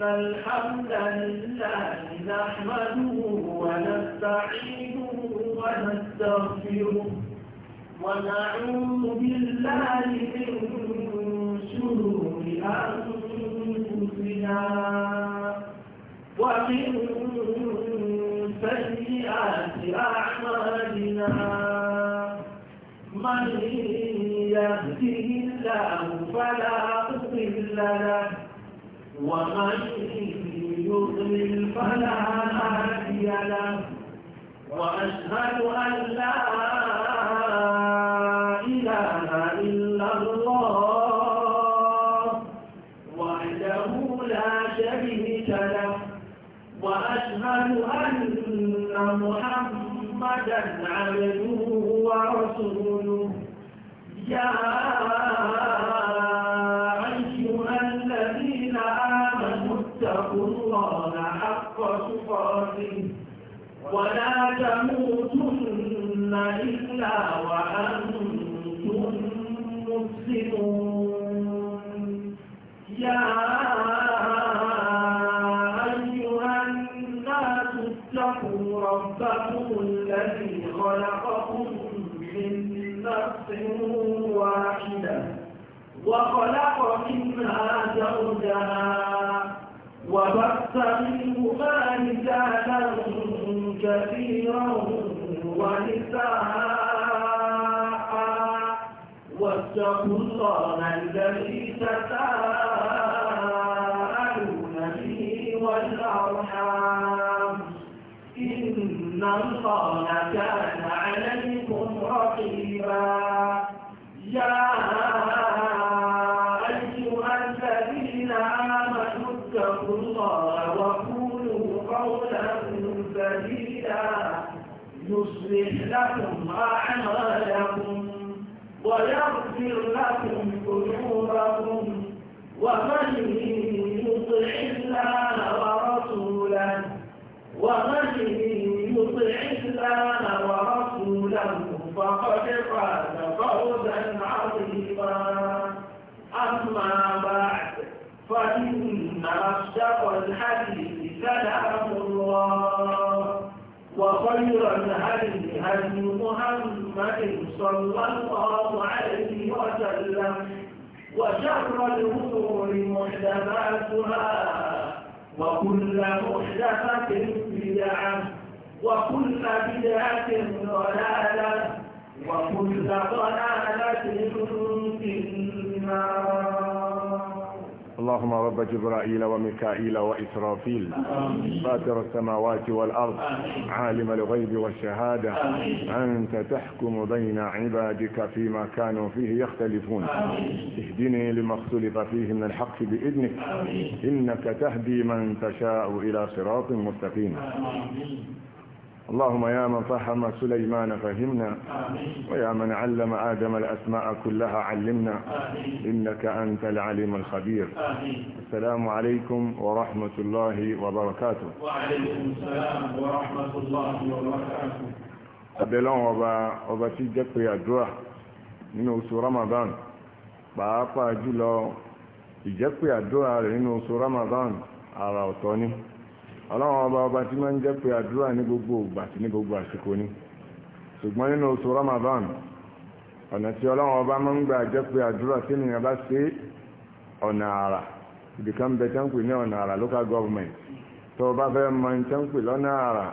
إن الحمد لله نحمده ونستعينه ونستغفره ونعوذ بالله من شرور أنفسنا ومن سيئات أعمالنا من يهده الله فلا مضل له ومن يضلل فلا هادي له وأشهد أن لا إله إلا الله وحده لا شريك له وأشهد أن محمدا عبده ورسوله يا إلا وأنتم مسلمون يا أيها الناس ربكم الذي خلقكم من نفس واحدة وخلق منها وبث منهما رجالا كثيرا نساء واتقوا الله الذي تساءلون به والأرحام إن الله كان عليكم رقيبا يا ويغفر لكم ذنوبكم ومن يطع الله ورسولا ومن يطع الله ورسولا فقد فاز فوزا عظيما أما بعد فإن أصدق الحديث كلام هدي محمد صلى الله عليه وسلم وشر الأمور محدثاتها وكل محدثة بدعة وكل بدعة ضلالة وكل ضلالة في النار اللهم رب جبرائيل وميكائيل وإسرافيل فاتر السماوات والأرض عالم الغيب والشهادة أنت تحكم بين عبادك فيما كانوا فيه يختلفون اهدني لما اختلف فيه من الحق بإذنك إنك تهدي من تشاء إلى صراط مستقيم اللهم يا من فهم سليمان فهمنا ويا من علم آدم الأسماء كلها علمنا إنك أنت العلم الخبير السلام عليكم ورحمة الله وبركاته وعليكم السلام ورحمة الله وبركاته abẹ́lọ́wọ́ ọba ọba tí jẹ́ من àdúrà رمضان oṣù Ramadan pàápàá jùlọ ìjẹ́pẹ̀ àdúrà rẹ̀ nínú oṣù Ramadan ọlọ́run ọba ọba tí máa ń jẹ́ pé àdúrà ní gbogbo ògbà àti ní gbogbo àsìkò ni ṣùgbọ́n nínú oṣù Ramadan ọ̀nà tí ọlọ́run ọba máa ń gbà jẹ́ pé àdúrà tí ènìyàn bá ṣe ọ̀nà àrà ibì kan bẹ tán pè ní ọ̀nà àrà local government tó o bá fẹ́ mọ ní tán pè lọ́nà àrà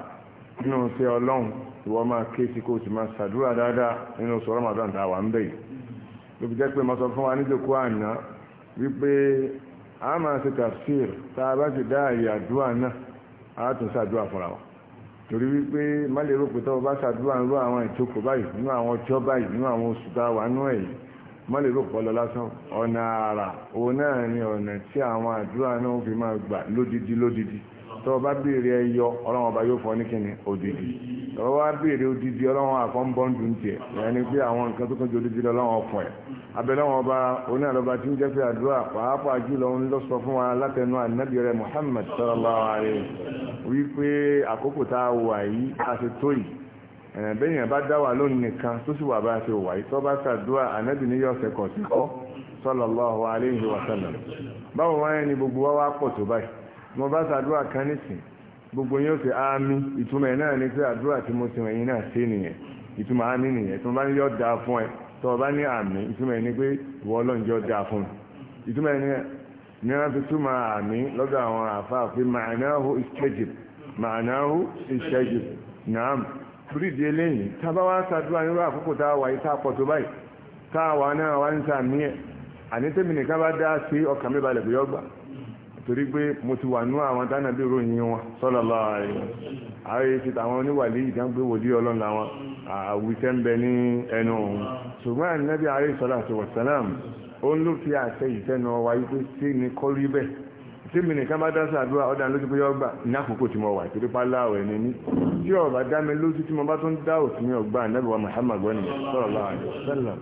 nínú ṣe ọlọ́run ìwọ máa ké sí kó o sì máa ṣàdúrà dáadáa nínú oṣù Ramadan tá a wà ń a tún ṣàdúrà fúnra wa torí wípé má lè rò pé tọ́wọ́ bá ṣàdúrà ń rú àwọn ìjókòó báyìí nínú àwọn ọjọ́ báyìí nínú àwọn oṣù tá a wà nú ẹ̀yìn má lè rò pọ̀ lọ lásán ọ̀nà àrà òun náà ni ọ̀nà tí àwọn àdúrà náà fi máa gbà lódidi lódidi tó o bá béèrè ẹyọ ọlọ́run ọba yóò fọ ní kíni òdìdí tó o bá béèrè òdìdí ọlọ́run àfọ́nbọ́ndù ń tiẹ̀ ìyẹn ni pé àwọn nǹkan tó kún ju òdìdí lọ́wọ́ ọ̀fọ̀ ẹ̀ abẹ́lẹ́wọ̀n ọba onílọ́ba tí ń jẹ́ pé àdúrà pàápàá jùlọ ń lọ sọ fún wa látẹnu ànábì rẹ̀ Muhammad sallallahu alaihi wípé àkókò tá a wà yìí a ti tó yìí bẹ́yìn bá dá wà lónìí nìkan tó sì wà bá a ti wà yìí tó bá ṣàdúrà ànábì ní yọ ọ̀sẹ̀ kan sí kọ́ sallallahu alaihi wa sallam báwo wáyé ni gbogbo wa wá pọ̀ tó báyìí mo bá sàdúrà kan nísìn gbogbo yóò ṣe àmì ìtumọ̀ ẹ̀ náà ni pé àdúrà tí mo ti wọ̀nyí náà ṣe nìyẹn ìtumọ̀ àmì nìyẹn tó bá ní yọ dáa fún ẹ tó bá ní àmì ìtumọ̀ ẹ̀ ni pé ìwọ ọlọ́run jọ dáa fún mi ìtumọ̀ ẹ̀ ni wọ́n fi túmọ̀ àmì lọ́dọ̀ àwọn àfáà pé màánáhù ìṣẹ́jìb màánáhù ìṣẹ́jìb nàám fúrídìí eléyìí tábà wá sàdúrà nírú àkókò tá a wà yìí tá a pọ̀ tó báyìí tá a wà náà wá ń sàmì ẹ̀ àní tẹ́mi nìkan bá dá sí ọkàn mi balẹ̀ kò yọ gbà torí pé mo ti wà nú àwọn dáná bí ròyìn wọn sallallahu alaihi wasallam ààrẹ ti tàwọn oníwàlẹ́ yìí kan pé wòlíì ọlọ́run làwọn àwùjẹ́ ń bẹ ní ẹnu òun ṣùgbọ́n ànábì ààrẹ sallallahu alaihi wasallam ó ń ló fi àṣẹ ìfẹ́nu ọwà yìí pé sí ni kọ́ rí bẹ́ẹ̀ tí mi nìkan bá dáṣà àdúrà ọ̀dà lójú pé ọgbà ní àkókò tí mo wà torí pa láàwẹ̀ ni mí tí ọba dá mi lójú tí mo bá tún dá òsì mi ọgbà ànábì wa Muhammad gbọ́nìyàn sallallahu alaihi wasallam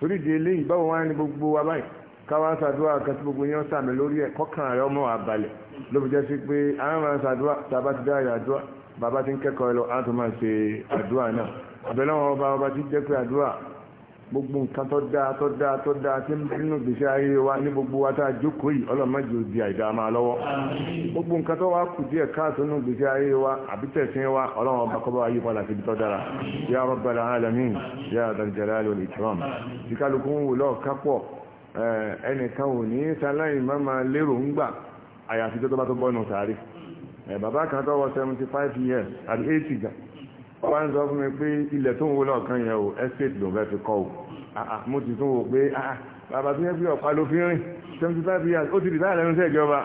torí di eléyìí báwo wá ní gbogbo wa báyìí káwọn ṣàdúrà kan tí gbogbo yẹn sàmì lórí ẹ̀ kọ́kàn rẹ̀ ọmọ àbàlẹ̀ ló fi jẹ́ sí pé àwọn máa ń ṣàdúrà tàbá ti dáyà àdúrà bàbá ti ń kẹ́kọ̀ọ́ lọ á tó máa ṣe àdúrà náà àbẹ̀lẹ̀ wọn ọba ọba ti jẹ́ pé àdúrà gbogbo nǹkan tó dáa tó dáa tó dáa tí nínú gbèsè ayé wa ní gbogbo wa tá a jókòó yìí ọlọ́mọdé òdi àìdá máa lọ́wọ́ gbogbo nǹkan tó wá kù díẹ̀ káàtó nínú gbèsè ayé wa àbí tẹ̀sìn wa ọlọ́run ọba kọ́ bá wa yí padà síbi tó dára ya rabbal alamin ya dal jalali wal ikram tí kálukú ń wò lọ́ọ̀ kápọ̀ Eh, ẹnìkan ò ní sáláì má máa lérò ń gbà àyàfi tó tó bá tó bọ́nu sàárè eh, bàbá kan tó wọ seventy five years àti eighty gan wọ́n ń sọ fún mi pé ilẹ̀ tó ń wo lọ́ọ̀kan yẹn o estate ló fẹ́ fi kọ́ o ah, ah, mo ti tún wò pé ah, bàbá tó yẹ pé ọ̀pá ló fi rìn seventy five years ó ti rìtáyà lẹ́nu iṣẹ́ ìjọba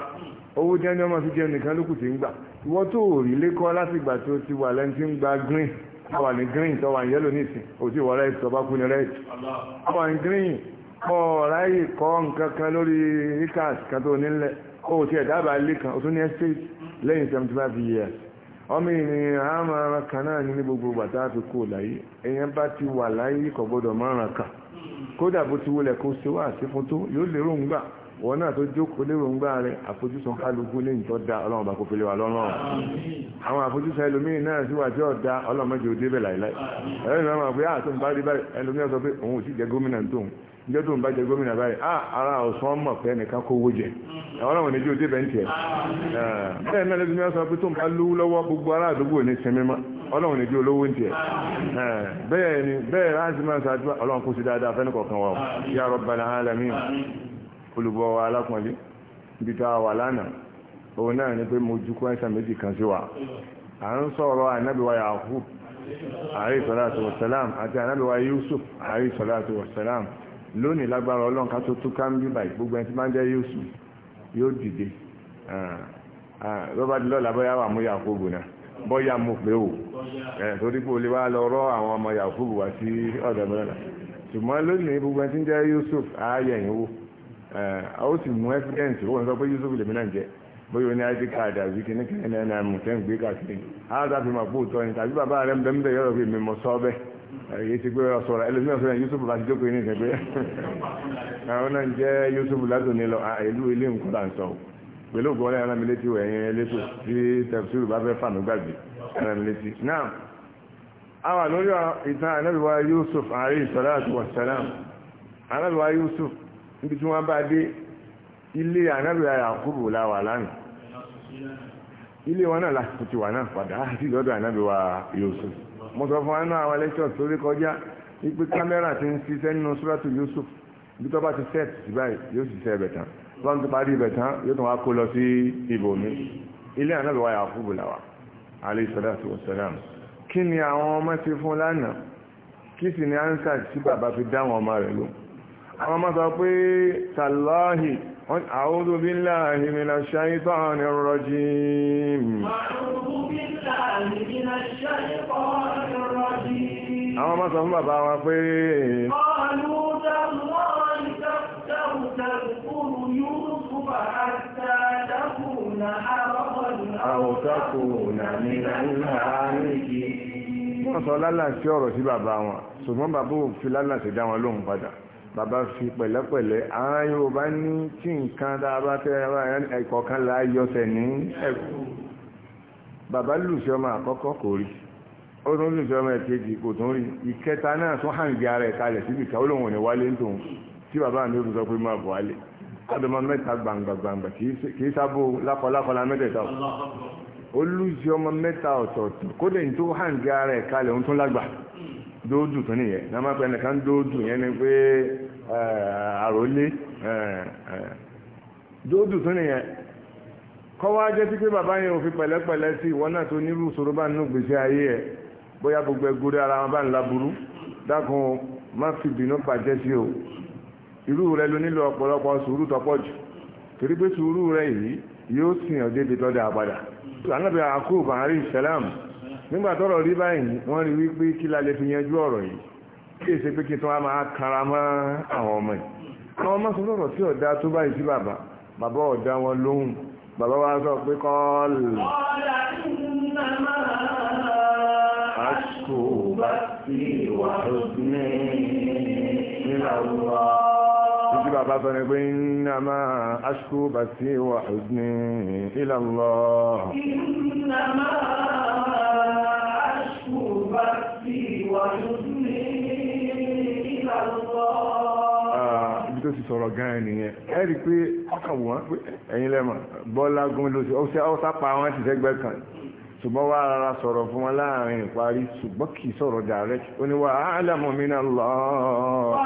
owó jẹ́ ní ọmọ sí jẹun nìkan ló kù ti ń gbà ìwọ́n tó rí lékọ́ láti ìgbà tó ti wà lẹ́nu tí ń gba green tó wà ní green tó wà ní yellow nísìn òtí ìwọ́rẹ́ ìtọ́bákú ní red tó wà ní green ọ̀ráyè kọ́ nǹkan kan lórí ríkàs kan tó nílẹ̀ ó ti ẹ̀dá àbálé kan ó tún ní estate lẹ́yìn 75 years ọmọ ènìyàn á máa kan náà ní gbogbo bàtà fi kó láyé èèyàn bá ti wà láyé kò gbọ́dọ̀ márùn kan kódà bó ti wọlẹ̀ kó ṣe wá sí fún tó yóò lérò ń gbà wọn náà tó jókòó lérò ń gbà rẹ àfojúsùn kálukú lẹ́yìn tó da ọlọ́run bá kó fele wa lọ́rùn àwọn àfojúsùn ẹlòmíín náà sì wà tí ó da ọlọ́run mẹ́jọ òde bẹ̀ láìláì ẹlòmíín náà máa pé àtúntò ah, bá rí báyìí sọ pé òun ò sì jẹ gómìnà tóun níjọ́ tó ń bá jẹ gómìnà báyìí ah, ara ọ̀sán mọ̀ pé ẹnìkan kówó jẹ àwọn àwọn ènìyàn òde bẹ́ẹ̀ ń tiẹ̀ bẹ́ẹ̀ náà lẹ́bi mẹ́sàn pé tó ń bá lówó lọ́wọ́ gbogbo ará àdúgbò ní sinmi mọ́ ọlọ́run ní olówó ń tiẹ̀ eh, bẹ́ẹ̀ ni bẹ́ẹ̀ láti máa ọlọ́run kó sí dáadáa fẹ́ni kọ̀ọ̀kan wa ya bụ alamin olùbọ̀ wa alákùnrin ibi tá a wà lánàá òun náà ni pé mo ju lónìí lágbára ọlọ́run ká tó túká ń bíbà gbogbo ẹni tí máa ń jẹ́ yóò sùn yóò dìde lọ́ba dìlọ́ làbọ́yá wà mú Yakubu náà bọ́yá mo pé o eh, torí pé o lè wá lọ rọ́ àwọn ọmọ Yakubu wá sí ọ̀dọ̀ mẹ́rẹ̀lá ṣùgbọ́n lónìí gbogbo ẹni tí ń jẹ́ Yusuf ààyè ẹ̀yìn wò eh, ó sì mú ẹ́fídẹ́ǹsì ó wọ́n pé Yusuf lèmi náà jẹ́ bóyá o ní id card àbí kìnnìkan ẹ̀nà ẹ̀nà mùtẹ́ ń káàkiri á dàbí màpò òótọ́ ni tàbí bàbá rẹ̀ ń bẹ́ẹ̀ yọ̀rọ̀ pé mi mọ̀ èyí ti gbé ọ̀sọ̀rọ̀ ẹlòmíràn sọ̀rọ̀ Yusuf láti jókòó yìí nìkan pé àwọn náà ń jẹ́ Yusuf látò nílọ ìlú ilé nǹkan là ń sọ pẹ̀lú ògbọ́n ọlẹ́yìn ẹran mi létí wẹ̀ ẹ̀yìn elétò tí tẹ̀síwì bá fẹ́ fàánù gbàgbé ẹran mi létí. náà àwọn lórí ìtàn anábìwá Yusuf alayhi salatu wa salam anábìwá Yusuf níbi tí wọ́n bá dé ilé anábìwá Yakubu láwà lánàá ilé wọn náà láti ti wà náà padà á lọ́dọ̀ anábìwá Yusuf mo sọ fún ẹnu àwọn lectures tó rí kọjá wípé kámẹ́rà ti ń ṣiṣẹ́ nínú súrátù Yusuf bí tó bá ti set sí báyìí yóò ṣiṣẹ́ ibẹ̀ tán lọ́n ti parí ibẹ̀ tán yóò tún wá kó lọ sí ibòmí ilé ànábì wa Yakubu làwà alayhi salatu wassalam kí ni àwọn ọmọ ti fún lánàá kí sì ni ánsà tí bàbá fi dá àwọn ọmọ rẹ̀ lò àwọn ọmọ sọ pé tàlọ́hì أعوذ بالله من الشيطان الرجيم أعوذ بالله من الشيطان الرجيم أما بابا قالوا تالله تفتر تذكر يوسف حتى تكون حرضا أو تكون من الهالكين wọ́n sọ lálàá sí ọ̀rọ̀ sí bàbá wọn ṣùgbọ́n bàbá òfin lálàá sí dá wọn padà bàbá fi pẹ̀lẹ́pẹ̀lẹ́ àwọn Yorùbá ní tí nǹkan dáa bá tẹ́ ẹ̀kọ́ kan la yọsẹ̀ ní ẹ̀kọ́ bàbá lùsí ọmọ àkọ́kọ́ kò rí ó tún lùsí ọmọ ẹ̀kejì kò tún rí ìkẹta náà tún hàn gbé ara ẹ̀ kalẹ̀ síbi ká ó lóun ò ní wálé ń tòun tí bàbá mi ò tún sọ pé máa bọ̀ wálé ọdọmọ mẹ́ta gbangba gbangba kì í sábò lákọlákọlá ó lùsí ọmọ mẹ́ta ọ̀tọ̀ọ̀tọ̀ kódé ní tó hàn gbé ara ẹ̀ kalẹ̀ ń tún lágbàá dóòdù tó nìyẹn náà máa pẹ́ nìkan dóòdù yẹn ni pé àròlé dóòdù tó nìyẹn kọ́ wá jẹ́ sí pé bàbá yẹn ò fi pẹ̀lẹ́pẹ̀lẹ́ sí ìwọ náà tó nírú ṣòro bá nínú gbèsè ayé ẹ̀ bóyá gbogbo ẹgbórí ara wọn bá ń laburú dákun má fi bínú pàjẹ́ sí o irú rẹ ló nílò ọ̀pọ̀lọpọ̀ sùúrù tọ́pọ̀ jù torí pé sùúrù rẹ yìí yóò sìn ọ́ débi tọ́jà padà. ànábì àkóbá àrí ìsẹ́lámù nígbà tọ́rọ̀ rí báyìí wọ́n rí wípé kí la lè fi yanjú ọ̀rọ̀ yìí kí èsì pé kí tí wọ́n máa kara mọ́ àwọn ọmọ yìí àwọn ọmọ sọ lọ́rọ̀ tí ọ̀dá tó báyìí sí bàbá bàbá ọ̀dá wọn lóhùn bàbá wa sọ pé kọ́ọ̀lù àṣùbà sí wàhùn ní ìlà bàbá sọ ní pé iná máa aṣkú bá sí wà ní ila Allah. iná máa aṣkú bá sí wà ní ila Allah. ibi tó sì sọ̀rọ̀ gan-an nìyẹn ẹ rí i pé ọkàn wọ́n pé ẹ̀yin lẹ́mọ̀ bọ́lá gómìnà ọ̀sá pa àwọn ti sẹ́gbẹ́ kan ṣùgbọ́n wá rárá sọ̀rọ̀ fún wọn láàrin ìparí ṣùgbọ́n kì í sọ̀rọ̀ direct ó ní wa a'lamu min Allah.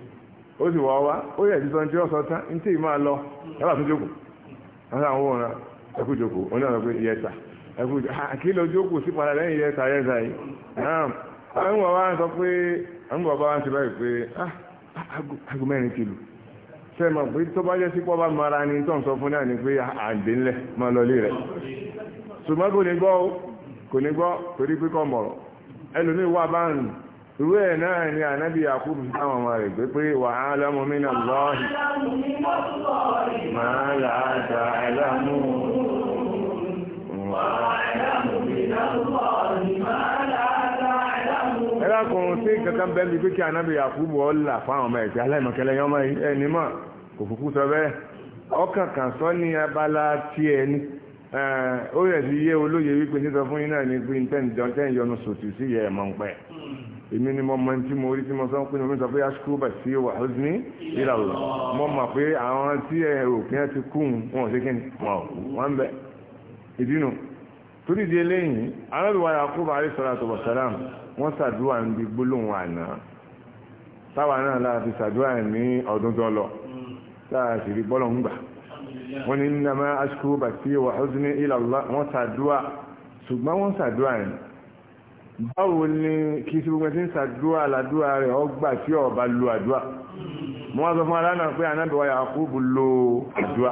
ó sì wá wá ó yẹ ìdíjọ́ tí ó sọ tán ní tí ì máa lọ na àtúnjò kù wọ́n sàn wọ́n rán ẹkú jòkó oní ọ̀nà pé yẹta ẹkú kí ló jókòó sí padà lẹ́yìn yìí ah, ti ṣe mọ̀ pé tó bá jẹ́ sí pọ́ bá mara ni tó ń ni pé ah, àǹdè ńlẹ̀ máa lọ lé rẹ̀ irú ẹ̀ náà ni ànábì Yakubu táwọn ọmọ rẹ̀ pé pé wà á lọ́mọ mí náà lọ́ọ̀hì máa là á ta ẹlẹ́mú ẹlákùnrin tí kankan bẹ́ẹ̀ pé kí ànábì Yakubu ọ là fáwọn ọmọ ẹ̀tì aláìmọ̀kẹ́lẹ́ yọmọ ẹni mọ̀ kò fòkú sọ bẹ́ẹ̀ ọkàn sọ ní abala tiẹ̀ ni ó yẹ̀ sí yé olóye wípé sísọ fún yín náà ni pé tẹ́ǹjọ́ tẹ́ǹjọ́ nu sòtì sí yẹ ẹ̀mọ̀ ń pẹ́ èmi ni mo mọ tí mo rí tí mo sọ pé mo sọ pé aṣkúbà sí wà ó ní ìlàlọ́ mo mọ̀ pé àwọn tí ẹ rò pé ẹ ti kú wọn ò sí kí ni wọn ń bẹ ìdínú torí di eléyìí arábìwá yakubu alayhi salatu wa salam wọn ṣàdúrà ń bi gbólóhùn àná táwa náà láà fi ṣàdúrà ní ọdún tó lọ táà sì rí bọ́lọ̀ ń gbà wọ́n ní nàmá aṣkúbà sí wà ní ìlàlọ́ wọn ṣàdúrà ṣùgbọ́n wọ́n ṣàdúrà yìí báwo ni kì í ṣe gbogbo ẹtí ń ṣàdúrà làdúrà rẹ̀ ọgbà tí ọba lo àdúrà mo wá sọ fún aláǹdà pé anábìwá Yakubu lo àdúrà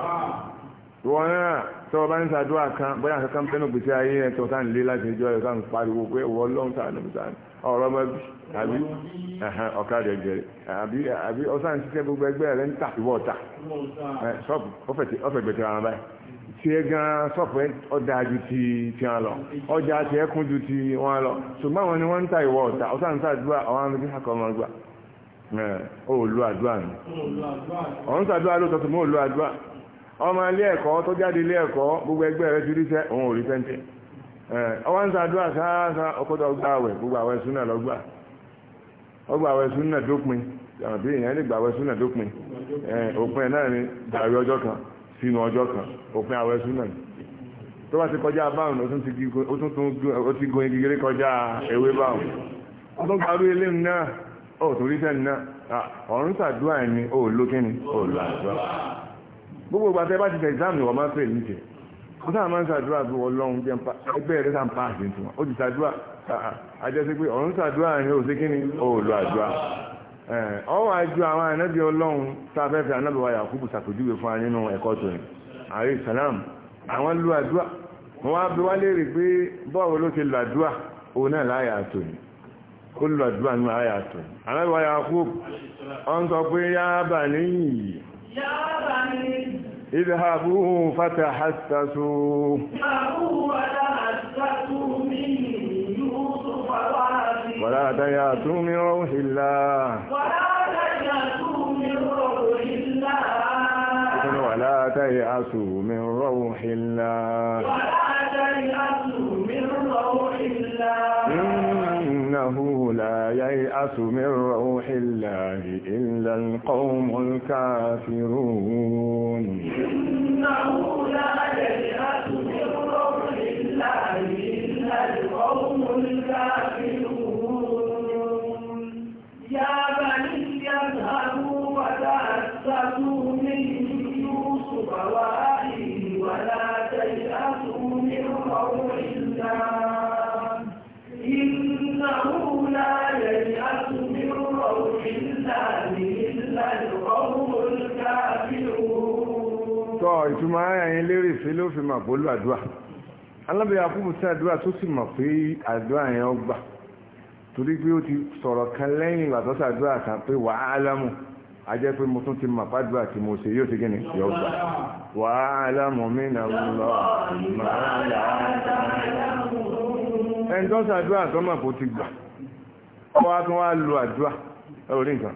wọn náà tọ́ ọba ń ṣàdúrà kan bóyá kankan bẹ́ẹ̀ náà gbèsè ayé ẹ̀ tọ́ sáà ń lé láti ẹjọ́ ẹ̀ sáà ń pariwo pé wọ́n lọ́n sáà nà mí sáà ọ̀rọ̀ ọmọ bí àbí ọ̀ka rẹ̀ àbí ọ̀sán ṣiṣẹ́ gbogbo ẹgbẹ́ rẹ̀ ń tà ìwọ́ ọ̀tà ṣọ́ọ̀bù ọ̀fẹ̀ gbẹ̀tẹ̀ ara báyìí tí ẹ gan sọ̀pẹ́ ọjà ju ti ti wọn lọ ọjà tí ẹ kún ju ti wọn lọ àwọn ni wọn ń ta ìwọ ọta ọ̀tá ń ta àdúrà àwọn àmì kíkà kan máa gbà lu àdúrà ni ọ̀hún ta àdúrà lóòótọ́ tó mú òlu àdúrà ọmọ ilé ẹ̀kọ́ tó jáde ilé ẹ̀kọ́ gbogbo ẹgbẹ́ rẹ ti ríṣẹ́ òun ò rí ọwọ́ ń sáásá ọkọ́tọ̀ gbogbo sínú ọjọ́ kan òpin àwẹ̀ súnà tó bá ti kọjá báwọn ó tún ti gun igigere kọjá ewé báwọn ó tún gbarú ilé náà ó tún rí sẹ́ni náà ọ̀run sàdúrà ẹni ó lókẹ́ni ó lọ àdúrà gbogbo ìgbà tẹ́ bá ti tẹ ìsáàmì wọ́n máa ń pè níjẹ́ ó sáà máa ń sàdúrà bí ọlọ́run jẹ́ ẹgbẹ́ rẹ̀ sáà ń pa àṣẹ tiwọn ó ti sàdúrà àjẹsí pé ọ̀run sàdúrà ẹni ó sí kíni ó lọ àdúrà ọwọ́ àjọ àwọn ànábì ọlọ́run tàbẹ́fẹ́ ànábì wa Yakubu sàpèjúwe fún nínú ẹ̀kọ́ tó ní àrí salam àwọn lu àdúà wọ́n wá bí wá léèrè pé bọ́ọ̀wọ́ ló ti lu àdúà òun náà láyà àtò ní ó lu àdúà ní láyà àtò ní ànábì wa Yakubu ọ̀n sọ pé yáàbà níyì ìdàbù fata hasasu wàlá àtàyà tún mi rọ́ọ̀hìlá تيأسوا من روح الله من روح الله إنه لا ييأس من روح الله إلا القوم الكافرون إنه لا ييأس من روح الله ìtumọ̀ ayà yẹn lérè sí ló fi máa bólú àdúrà alábẹ̀yà kúbù sí àdúrà tó sì mọ̀ pé àdúrà yẹn ó gbà torí pé ó ti sọ̀rọ̀ kan lẹ́yìn ìgbà tó sàdúrà kan pé wàhálà mu a jẹ́ pé mo tún ti mọ̀ pàdúrà tí mo ṣe yóò ti gíní yóò gbà wàhálà mu mí nà ń lọ màálà ẹni tó mọ̀ kó ti gbà kó wá tún wá lo àdúrà ẹ ò rí nǹkan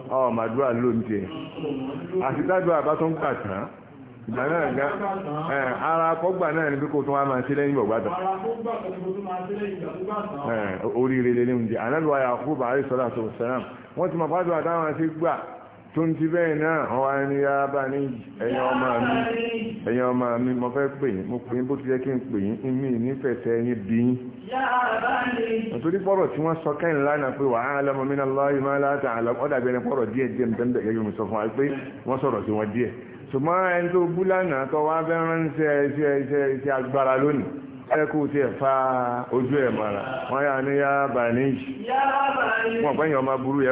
ọ̀ màdúrà ló ń jẹ àti dádúrà bá tó ń gbà tán ìgbà náà ga ara akọgbà náà ni pé kó tún wá máa ṣe lẹ́yìn ọ̀gbà tán oríire lélẹ́yìn jẹ ànábìwáyà kú bàárẹ̀ sọ́dà sọ̀rọ̀ sẹ́ràn wọ́n ti mọ̀ fádùn àtàwọn ṣe gbà tó ń ti bẹ́ẹ̀ náà wọ́n wá ní yá bá ní ẹ̀yin ọmọ mi mo fẹ́ pè yín mo pè yín bó ti yẹ kí n pè yín mi nífẹ̀ẹ́sẹ̀ yín bí yín nítorí pọ̀rọ̀ tí wọ́n sọ kẹ́yìn lánàá pé wàá lọ́mọ mi náà lọ́ọ́ máa láta àlọ́ ojú ẹ̀ wọ́n yà ní yá bàníjì wọ́n pẹ́yìn ọmọ burú yẹ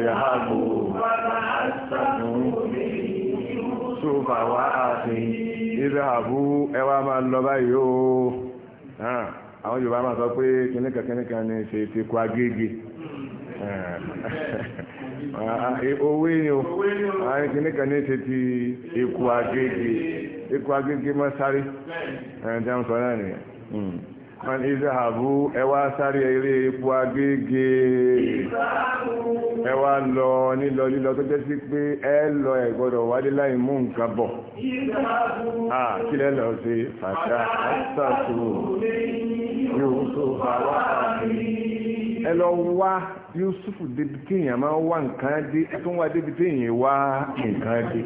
ارحموا وتحسنوا ṣùfà wá ààfin ìrìnàbú ẹwà máa lọ báyìí ó àwọn Yorùbá máa sọ pé kìnnìkan kìnnìkan ni ṣe ti kọ agége owó ni o àwọn kìnnìkan ní ṣe ti ikú agége ikú agége mọ́ sáré ẹni tí wọ́n sọ náà nìyẹn. Hmm wọ́n ìzáàbú ẹwà sáré eré epo agége ẹwà lọ nílọ lílọ tó jẹ́ sí pé ẹ lọ ẹ gbọ́dọ̀ wálé láì mú nǹkan bọ̀ kí lẹ́ lọ sí fàtà àtàtù yóò tó bàwà ẹ lọ wá Yusufu débi tí èèyàn máa wá nǹkan dé tó ń wá débi tí èèyàn wá nǹkan dé.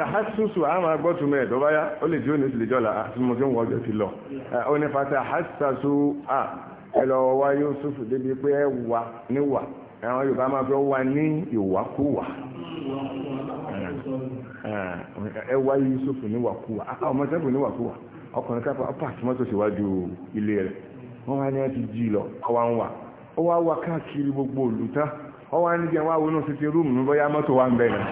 tàhásùsù a máa gbọ́ túnmẹ̀ tó bá yá ó lè tí ó ní ìsìlẹ̀ jọ́la àti mo tí ti lọ ó ní fata hásàsù a ẹlọ wa Yusuf débi pé ẹ wà níwà àwọn Yorùbá máa fẹ́ wà ní ìwàkúwà ẹ wá Yusuf níwàkúwà ọmọ sẹ́fù níwàkúwà ọkùnrin káfà ọpá àtúmọ́tò síwájú ilé rẹ̀ wọ́n wá ní ẹ ti jí lọ ọwá ń wà ó wá wá káàkiri gbogbo òlù wọ́n wá ní jẹ́ wá wọnú sí ti rúùmù mi bóyá mọ́tò wá ń bẹ̀ náà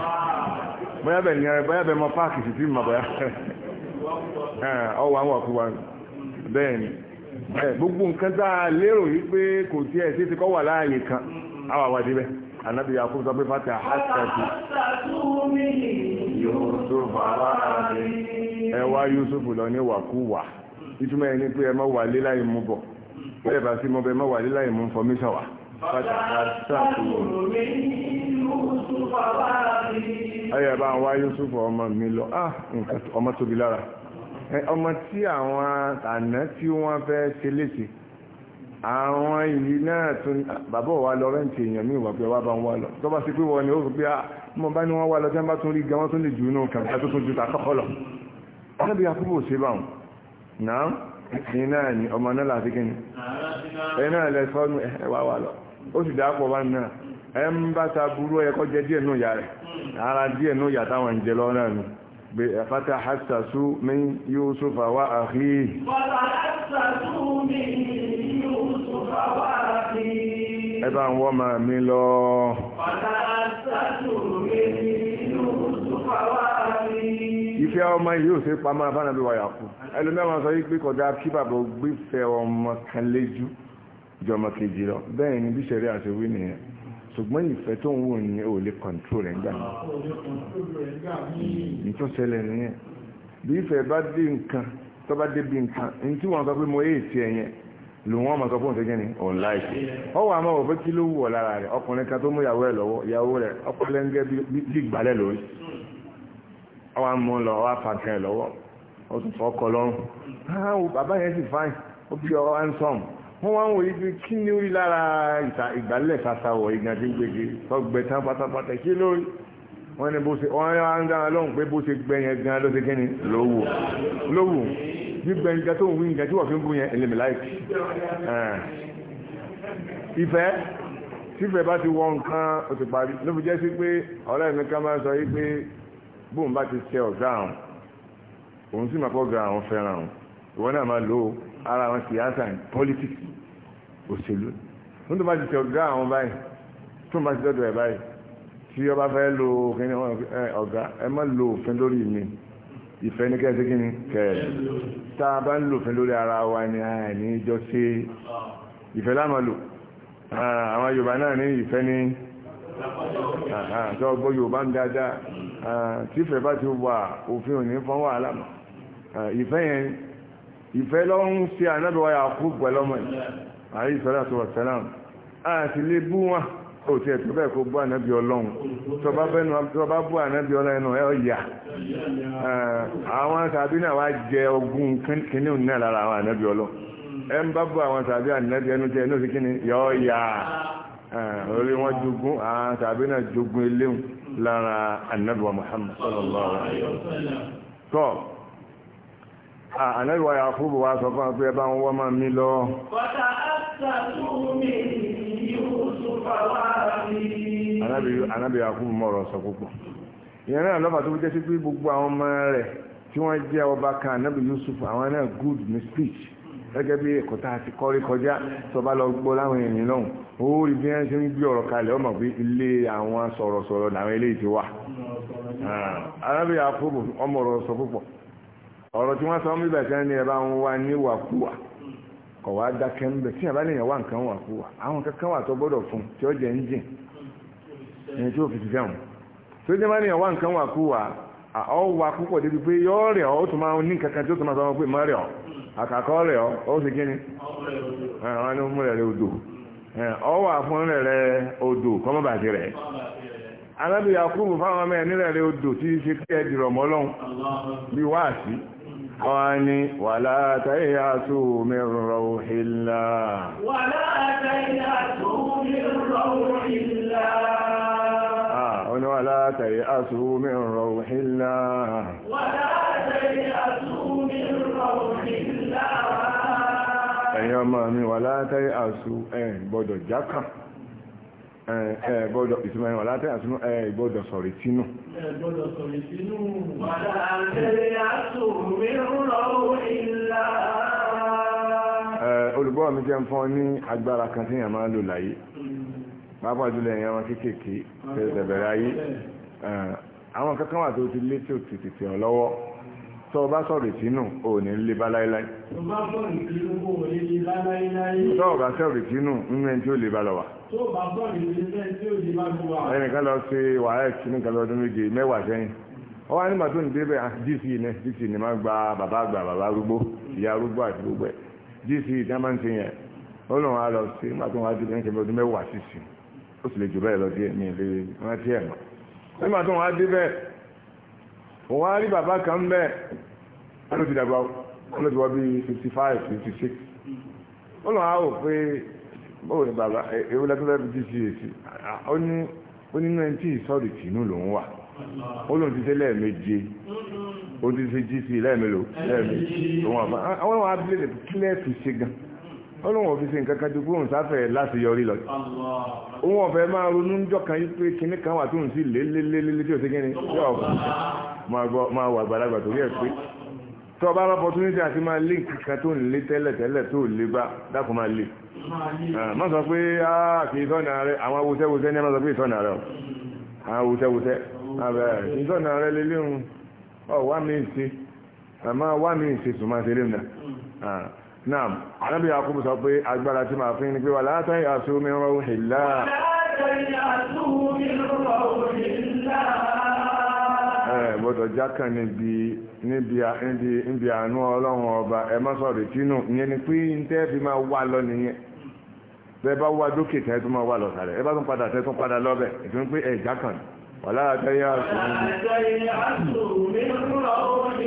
bóyá bẹ̀ nìyẹn bóyá bẹ̀ mọ páàkì sí ti mọ̀ bóyá ọwọ́ àwọn ọ̀kú wa bẹ́ẹ̀ ni gbogbo nǹkan tá a lérò yìí pé kò tiẹ̀ sí ti kọ́ wà láàyè kan àwọn àwàdí bẹ́ẹ̀ anabi yakub sọ pé fati ahasatu yusuf alaabi ẹ wá yusuf lọ ní wàkúwà ìtumọ̀ ẹni pé ẹ má wà lé láì mú bọ̀ bẹ́ẹ̀ bá sí mọ́ bẹ́ẹ̀ má wà lé mú fọmíṣà wà ayé bá ń wá Yusuf ọmọ mi lọ ah nǹkan ọmọ tóbi lára ọmọ tí àwọn àná tí wọ́n fẹ́ ṣe léṣe àwọn ìlú náà tún ah, bàbá wa lọ rẹ́ǹtì èèyàn mi wà pé wá bá ń wá lọ tó bá sí pé wọ́n ni ó rò pé ah, mọ̀ bá ní wọ́n wá lọ tí wọ́n bá tún rí gan wọ́n tún lè jù inú kàmíkà tó tún ju tàkọ́kọ́ lọ níbi àkúbò ṣe báwọn náà ní náà ni ọmọ náà láti kí ni ẹ náà lẹ sọ́nù ẹ wá wá lọ ó sì dáàpọ̀ bá náà ẹ ń bá ta burú ẹkọ́ jẹ díẹ̀ nù yà rẹ̀ ara díẹ̀ nù yà táwọn ń jẹ lọ náà nù bí ẹ̀fátà hassasu min yusufa wa akhihi ẹbá ń wọ́ máa mi lọ ìfẹ́ ọmọ yìí ò sí pamọ́ abánàbíwáyà kú ẹlòmíràn sọ yí pé kọjá kí bàbá gbífẹ́ ọmọ kan léjú jọmọ kejì lọ bẹ́ẹ̀ ni bí sẹ́rí àti wí nìyẹn ṣùgbọ́n ìfẹ́ tó ń wò ní ò lè kọ̀ǹtrol rẹ̀ gbà mí ní tó ṣẹlẹ̀ nìyẹn bí ìfẹ́ bá dé nǹkan tó bá dé bí nǹkan ní tí wọ́n sọ pé mo èyí ti ẹ̀yẹn lòun ọmọ sọ fún òṣèké ni òun láìsí ọwọ́ àmọ́ òfé kí ló wù ọ́ lára rẹ̀ ọkùnrin kan tó mú ìyàwó rẹ̀ lọ́wọ́ ìyàwó rẹ̀ ọpọlẹ́ngẹ́ bí ìgbàlẹ̀ lórí ọwọ́ àmọ́ lọ ọwọ́ àfàǹkan ẹ̀ lọ́wọ́ ó tún fọ́ ọkọ̀ lọ́rùn ah, bàbá yẹn sì fáìn ó bí ọwọ́ à ń sọ̀mù wọ́n wá ń wòye pé kí ni ó rí lára ìgbálẹ̀ sasawọ̀ ìgbàdí gbègbè tọgbẹ tán pátápátá kí lórí wọ́n ní bó ṣe wọ́n yá ń dára lọ́hùn pé bó ṣe gbẹ̀yẹn gan ló ṣe kí ni lówù lówù gbígbẹ̀ nǹkan tó ń wí nǹkan tí wọ́n fi ń bú yẹn ẹlẹ́mì láìpì ìfẹ́ tífẹ́ bá ti wọ nǹkan ó ti parí ló fi jẹ́ sí pé ọ̀rẹ́ mi ká máa sọ yìí pé bóun bá ti ṣe ọ̀gá àwọn òun sì máa kọ́ ga àwọn fẹ́ràn àwọn ìwọ náà máa lò ó ara àwọn siyasa ní politics òṣèlú fún tó bá ti tẹ ọ̀gá àwọn báyìí tó bá ti tọ́jú ẹ̀ báyìí tí ọba fẹ́ lo kíní ọ̀gá ẹ má lo òfin lórí mi ìfẹ́ ní kẹ́ẹ̀sì kíní kẹ́ẹ̀ tá a bá ń lo òfin lórí ara wa ni àìní jọ ṣe ìfẹ́ láàmà lò àwọn Yorùbá náà ní ìfẹ́ ní tọ́ gbọ́ Yorùbá ń dáadáa tí ìfẹ́ bá ti wà òfin òní fọ́n wà láàmà ìfẹ́ yẹn ìfẹ́ lọ ń fi ànábẹ̀wà yàkú pẹ̀lọ́mọ àrí ìsọ́lá tó wàsálàm àti lè bú wọn ó ti ẹ̀tọ́ bẹ́ẹ̀ kó bú ànábì ọlọ́run tó bá bẹ́nu tó bá bú ànábì ọlọ́run ẹ̀ ọ̀yà àwọn tàbí náà wá jẹ ogún kínní náà lára àwọn ànábì ọlọ́run ẹ̀ ń bá bú àwọn tàbí ànábì ẹnu jẹ ẹnu sí kínní yọ ọ̀yà orí wọn jogún àwọn tàbí náà jogún eléhùn lára ànábì wa Muhammad sallallahu alaihi wasallam ànẹ́lùwà Yakubu wa sọ fún apẹ́ bá ń wọ́ máa mi lọ ànábì Yakubu mọ̀rọ̀ sọ púpọ̀ ìyẹn náà lọ́fà tó jẹ́ sí pé gbogbo àwọn ọmọ rẹ̀ tí wọ́n jẹ́ ọba kan ànábì Yusuf àwọn náà good ní speech gẹ́gẹ́ bí ẹ̀kọ́ tá a ti kọ́rí kọjá tó bá lọ gbọ́ láwọn èèyàn lọ́hùn ó rí bí wọ́n ṣe ń gbé ọ̀rọ̀ kalẹ̀ ọmọ pé ilé àwọn sọ̀rọ̀sọ̀rọ̀ làwọn eléyìí ti wà ànábì Yakubu ọmọ ọ̀rọ̀ sọ púpọ̀ ọ̀rọ̀ tí wọ́n sọ ń bíbẹ̀ tẹ́ ní ẹ̀bá ń wá níwàkúwà kọ̀ wá dákẹ́ ń bẹ̀ tí ẹ̀bá lèèyàn wá nǹkan wàkúwà àwọn kankan wà tó gbọ́dọ̀ fún tí ó jẹ́ ń jìn wà púpọ̀ débi pé yọ rẹ̀ tó máa ní kankan tí ó tó máa sọ pé má rẹ̀ rẹ̀ ó sì kí ni alábìyà kúrò fáwọn ọmọ nílẹ̀ odò wọ́n ní wà látàrí àtò mẹ́rọ òhìlá wà látàrí àtò mẹ́rọ òhìlá ọ̀nà wà látàrí àtò mẹ́rọ òhìlá wà látàrí àtò mẹ́rọ òhìlá ẹ̀yọ́ máa mi wà látàrí àtò ẹ̀ gbọ́dọ̀ jákàn ẹ̀ẹ́gbọ́dọ̀ ìtumọ̀ ẹ̀wọ̀n látẹ̀ àtúnú ẹ̀ẹ́gbọ́dọ̀ sọ̀rọ̀ ìtinú. ẹ̀ẹ́gbọ́dọ̀ sọ̀rọ̀ ìtinú wà láàrín àtúnmí rúrọ̀ ìlà. olùgbọ́ mi jẹ́ ń fọ́n ní agbára kan tí èèyàn máa ń lò láyé pápá jùlọ èèyàn wọn kéékèèké tẹ̀sẹ̀ ayé àwọn kankan wà tó ti lé tí ò tètè ọ lọ́wọ́ tó bá sọ̀rọ̀ ìtínú ò ní lè bá láíláí tó bá sọ̀rọ̀ ìtínú nínú ẹni tí ó lè bá lọ wà ẹnìkan lọ sí wàhálà ìtínú kan lọ́dún méje mẹ́wàá sẹ́yìn ó wá nígbà tó ń débẹ̀ dc ah, e ní dc e ní máa gba bàbá àgbà bàbá arúgbó ìyá arúgbó àti gbogbo ẹ̀ dc ní a máa ń ṣe yẹn ó lọ wọn lọ sí nígbà tó wọn adébẹ̀ wọ́n wá rí bàbá kan bẹ́ẹ̀ wọ́n ti dàgbà wọ́n ti wá bí fifty five fifty six wọ́n lọ́wọ́ àwọ̀ pé báwo ni bàbá ewu lẹ́tọ́lẹ́ bí ti ṣe èsì ó ní ó ní nineteen sọ́ọ̀dì tìǹú lòún wà ó lóun ti ṣe lẹ́ẹ̀meje ó ti ṣe gc lẹ́ẹ̀mélòó lẹ́ẹ̀mejì òun àbá àwọn àwọn abúlé kílẹ̀ fi ṣe gan-an ó lóun òfin sí nǹkan kan ju kúrò sáfẹ̀ láti yọrí lọ. òun ọ̀fẹ́ máa ronú níjọ́ kan pé kinní kan wà tóun sí lélélélé tí ò sí kíni tí ò máa wà gbàlagbà torí ẹ̀ pé tó bá opportunity àti máa lé nǹkan tó ń lé tẹ́lẹ̀ tẹ́lẹ̀ tó lé bá dákun máa lé. má ah, sọ pé kì í sọ́nà rẹ àwọn awusẹ́wusẹ́ ní ẹ má sọ pé ìsọ́nà rẹ o àwọn awusẹ́wusẹ́ ìsọ́nà rẹ lé léhun ọ̀ wá mi ń ṣe àmọ́ wá mi ń ṣe sùn máa ṣe léhun náà. Hmm. Ah. náà anábì Yakubu sọ pé agbára tí máa fún ní pé látàrí àṣú mi rọ òhìlá gbọ́dọ̀ jákà níbi àánú ọlọ́run ọba ẹ má sọ̀rọ̀ tínú ìyẹn ni pé ń tẹ́ fi máa wà lọ nìyẹn bẹ́ẹ̀ bá wá dókè tẹ́ tó mi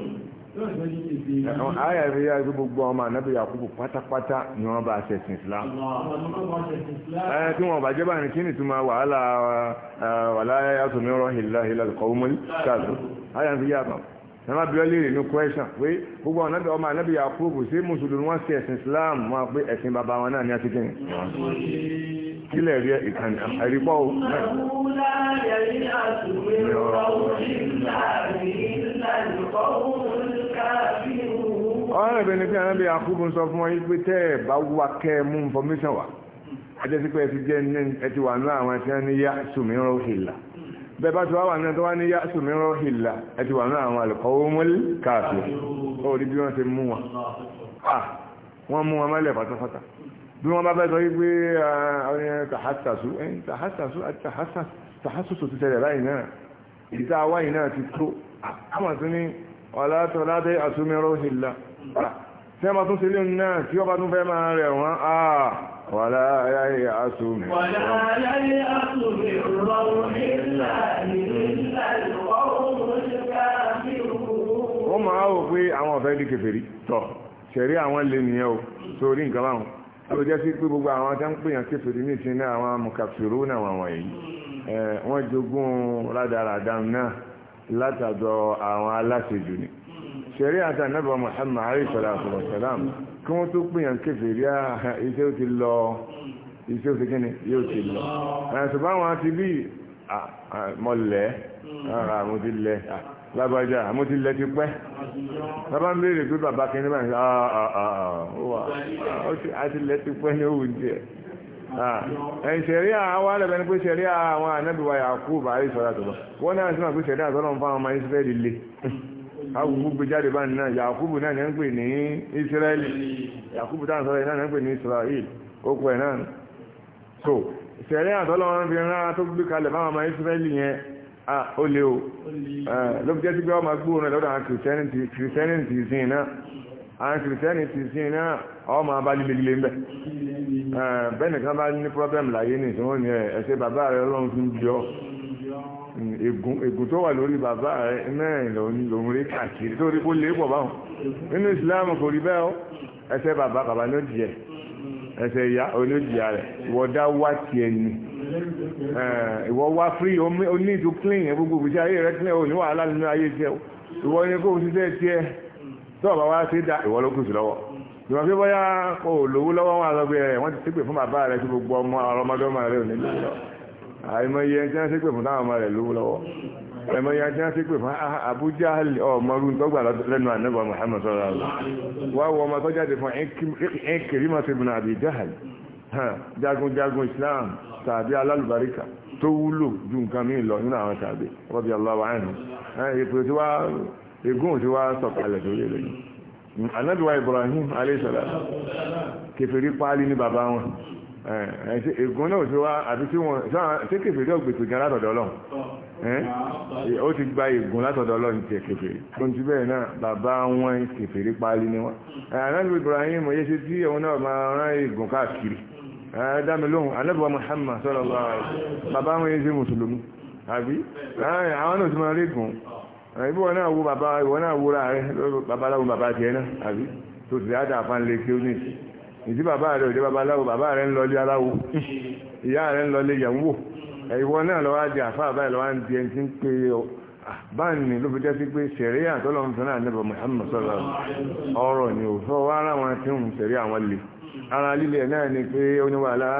àyà ìfẹ́ yà ìfẹ́ gbogbo ọmọ ànábì Yakubu pátápátá ni wọ́n bá ṣẹ̀sìn Islam ẹ tí wọ́n bá jẹ́ báyìí kí ni túmọ̀ wàhálà wàhálà yàtọ̀ mi rọ̀ hìlá hìlá kọ́ ọmọ káàdùn àyà ìfẹ́ yà bà ẹ má bíọ́ léèrè ní kwẹ́sàn pé gbogbo ànábì ọmọ ànábì Yakubu sí mùsùlùmí wọ́n ṣe ẹ̀sìn Islam wọn pé ẹ̀sìn bàbá wọn náà ní àti kíni kílẹ̀ rí ìkànnì àrípọ̀ o. Ìrọ̀lẹ́ ọ̀rọ̀ ẹ̀bẹ̀ ni pé anábì àkúbù sọ fún ọyí pé tẹ́ ẹ̀ bá wá kẹ́ ẹ mú information wá ajẹ́ sí pé ẹ ti jẹ́ ẹ ti wà náà àwọn ẹ̀sìn ní yá sùmíràn hìlà bẹ́ẹ̀ bá ti wá wà náà tó wá ní yá sùmíràn hìlà ẹ ti wà náà àwọn alqawmul kafir ó rí bí wọ́n ti mú wọn wọ́n mú wọn mọ́lẹ̀ pátápátá bí wọ́n bá bẹ́ẹ̀ sọ wípé tàhásàsù tàhásàsù tàhásàsù ti tẹ̀lẹ̀ báyìí náà ìta wáyìí náà ti tó àwọn àti ní ọ̀làtọ̀ ládé àsùmíràn hìlà Ah, tí a bá tún sílé náà tí ó bá tún fẹ́ máa rẹ̀ wọ́n àà wà láyé àṣùmí ó máa wò pé àwọn ọ̀fẹ́ di kèfèrí tọ̀ ṣẹ̀rí àwọn lè nìyẹn o sórí nǹkan báwọn ló jẹ́ sí pé gbogbo àwọn tí wọ́n ń pèyàn kèfèrí ní ìsinmi àwọn amùkàfèrú náà wọ̀n yìí wọ́n jogún rádaràdà náà látàdọ̀ àwọn aláṣejù ni ṣẹ̀rí àti ànábà Muhammad alayhi salatu wa salam kí wọ́n tó pèèyàn kèfèrí ah, iṣẹ́ ó ti lọ iṣẹ́ ó ti kíni yóò ti lọ ṣùgbọ́n àwọn ti bí mọ̀lẹ́ ara mo ti lẹ lágbájá mo ti lẹ ti pẹ́ bàbá ń béèrè pé bàbá kìíní bá ń sọ àti lẹ ti pẹ́ ní òun jẹ ṣẹ̀rí àwọn alẹ́bẹ̀ pé ṣẹ̀rí àwọn ànábì wa Yakub alayhi salatu wọ́n náà sì máa pé ṣẹ̀rí àtọ́nà fáwọn ọmọ Ísírẹ́lì káwùkú gbé jáde bá nínú Yakubu náà ní ń pè ní Israeli ní Israel ó pẹ̀ náà so ìṣẹ̀lẹ̀ àtọ́lọ́wọ́n fi rán tó gbé kalẹ̀ fáwọn ma Israeli yẹn ó lé o ló jẹ́ sí pé ọmọ gbóòrùn lọ́dọ̀ àwọn kìrìsìtẹ́nì ti sin náà àwọn kìrìsìtẹ́nì ma sin náà ọmọ bá lílelíle ńbẹ bẹ́ẹ̀ nìkan bá ní pọ́blẹ́mù láyé nìkan ó ní ẹ̀ ẹ̀ṣẹ̀ bàbá rẹ̀ ọlọ́run fi ń egun egun tó wà lórí bàbá rẹ náà lòun rí káàkiri tó rí kó lè pọ̀ báwọn nínú ìsìláàmù kò rí bẹ́ẹ̀ o ẹsẹ̀ bàbá bàbá ní òjìyẹ ẹsẹ̀ ìyá òní òjìyà rẹ̀ ìwọ dá wá tiẹ̀ ni ìwọ wá free o need to clean ẹ gbogbo ìgbésí ayé rẹ clean o ní wàhálà nínú ayé tiẹ̀ o ìwọ ni kó o ṣiṣẹ́ tiẹ̀ tó o bá wá sí da ìwọ ló kù sí lọ́wọ́ ìwọ pé bóyá kò lówó lọ́wọ́ wọn àlọ́ pé wọ́n ti ṣépè fún bàbá rẹ tí gbogbo ọmọ ọmọdé ọmọ rẹ ò àìmọye ẹni tí wọ́n ṣe pè fún táwọn ọmọ rẹ̀ lówó lọ́wọ́ àìmọye ẹni tí wọ́n ṣe pè fún àbújá ọmọrú tọ́gbà lẹ́nu ànẹ́bà Muhammad sọ́ra lọ wá wọ ọmọ tó jáde fún ẹnkìrìmọ̀ sí ibùnà àbí jahal jagunjagun Islam tàbí alálùbáríkà tó wúlò ju nǹkan míì lọ nínú àwọn tàbí rọ́bì aláwọ̀ àìní èpò tí wá egún tí wá sọ̀kalẹ̀ tó lè lẹ́yìn ànábì wa Ibrahim alayhi salam kèfèrí páálí ní bàbá wọn ègún eh, eh, náà ti wá àti tí wọ́n tí kèfèrè ọ̀gbẹ̀tò gan látọ̀dọ̀ ọlọ́run eh? ó ti gba ègún látọ̀dọ̀ ọlọ́run ti kèfèrè tó ti bẹ́ẹ̀ náà bàbá wọn kèfèrè paálí ni wọ́n anábì Ibrahim yẹ́ ṣe tí òun náà máa rán ègún káàkiri dámi lóhun anábì Muhammad sọ́rọ̀ bàbá wọn yẹ́ ṣe mùsùlùmí àbí àwọn náà ti máa rí ègún ibi wọn náà wo bàbá ìwọ náà wo ra rẹ babaláwo bàbá tiẹ̀ náà àbí tó ti ìdí bàbá rẹ̀ òde babaláwo bàbá rẹ̀ ń lọlé aláwo ìyá rẹ̀ ń lọlé yẹ̀wò ìwọ náà lọ́wọ́ di àfa àbáyé lọ́wọ́ di ẹni tí ń pe báyìí ló fi jẹ́ sí pé sẹ̀rí àtọ́lọ́ ń fẹ́ràn àdébọ̀ ni ò fọ́ wá ara náà ni pé ní wà láà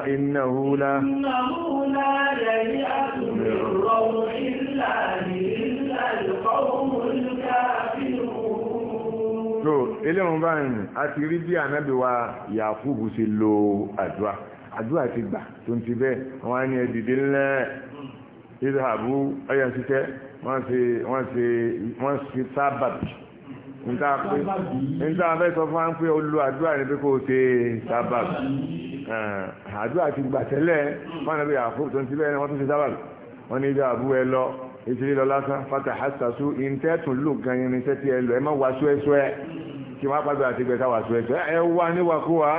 eléwọ̀n báyìí a ti rí bí ànábì wa Yakubu ṣe lo àdúrà àdúrà ti gbà tó ń ti bẹ́ẹ̀ wọ́n á ní ẹ dìde ńlẹ́ ìdààbò ẹ̀yà ṣiṣẹ́ wọ́n ṣe sábàbí níta fẹ́ sọ fún wa pé olú àdúrà ni pé kò ṣe sábàbí àdúrà ti gbà tẹ́lẹ̀ fún ànábì Yakubu tó ń ti bẹ́ẹ̀ ni wọ́n tún ṣe sábàbí wọ́n ní ìdààbò ẹ lọ ìtìlélọ́lásán fata hasasu ìntẹ́tùn lò gan irinṣẹ́ ti ẹ lọ ẹ má wá ṣúẹ́ṣúẹ́ kí wọ́n pàgbà àti gbẹ̀ta wà sọ ẹ̀sẹ̀ ẹ wá níwàkúwà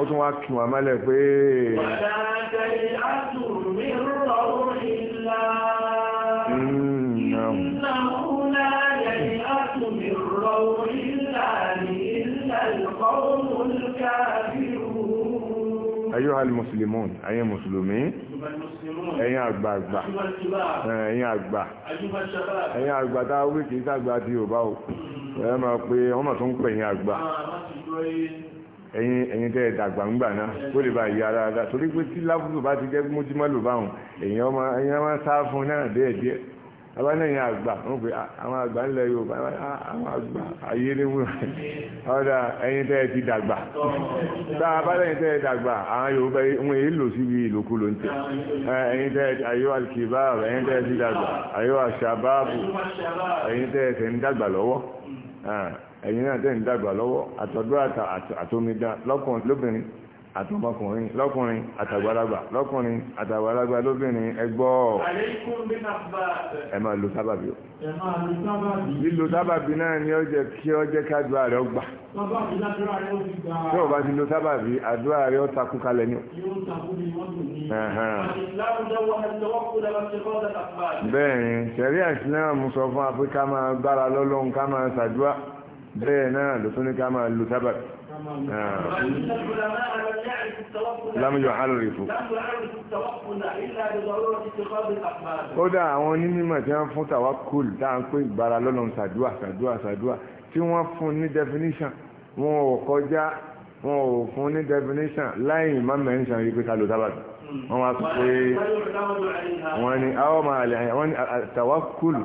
ó tún wá kí wọ́n mọ́lẹ̀ pé. wọ́n dáa ayuha al-muslimun ẹ̀yin mùsùlùmí ẹ̀yin àgbààgbà ẹ̀yin àgbà ẹ̀yin àgbà tá a wí kì í sàgbà tí yorùbá o ẹ máa pe wọ́n máa tún pè ẹ̀yin àgbà ẹ̀yin ẹ̀yin tẹ́ ẹ náà kó lè bá yí ara rà torí pé tí láfùlù bá ti jẹ́ mójúmọ́ lò báwọn èèyàn máa sá fún náà díẹ̀díẹ̀ abánẹ̀yìn àgbà wọ́n pè ah, àwọn àgbà ńlẹ̀ Yorùbá àwọn àgbà ayé ní wúrọ̀ ọ̀dà ẹ̀yin tẹ́ ẹ ti dàgbà tá a bá lẹ́yìn tẹ́ ẹ dàgbà àwọn Yorùbá wọn èyí lò síbi ìlòkulò ń tẹ̀ ẹ̀yin tẹ́ ayọ́ àlùkìbá ẹ̀yin tẹ́ ẹ ti dàgbà ayọ́ àṣàbáàbù ẹ̀yin tẹ́ ẹ tẹ̀ ń dàgbà lọ́wọ́ ẹ̀yin náà tẹ́ ń dàgbà lọ́wọ́ àtọ̀dọ́ àtòmídà lọ́kùnrin lóbìnrin àtọmọkùnrin lọ́kùnrin àtàgbàlagbà lọ́kùnrin àtàgbàlagbà lóbìnrin ẹgbọ́ ẹ máa lo sábàbí o lílo sábàbí náà ni ó jẹ́ kí ó jẹ́ kádùá rẹ̀ ó gbà tí ó bá ti lo sábàbí àdúrà rẹ̀ ó takú kalẹ̀ ni o. bẹ́ẹ̀ni sẹ̀rí àìsínáàmù sọ fún Áfíríkà máa gbára lọ́lọ́run ká máa ṣàdúrà bẹ́ẹ̀ náà ló tún ní ká máa lo sábàbí. لم يعرفوا ó dá àwọn onímọ̀ tí wọ́n fún tàwákùl dáa ń pè ìgbára lọ́lọ́run sàdúà sàdúà sàdúà tí wọ́n fún ní definition wọn ò kọjá wọn ò fún ni definition láì má mẹ́ńsàn yí pé ká lò sábàbí wọ́n wá pé wọ́n ni àwọn máa lè àyà wọ́n ni àtàwákùlù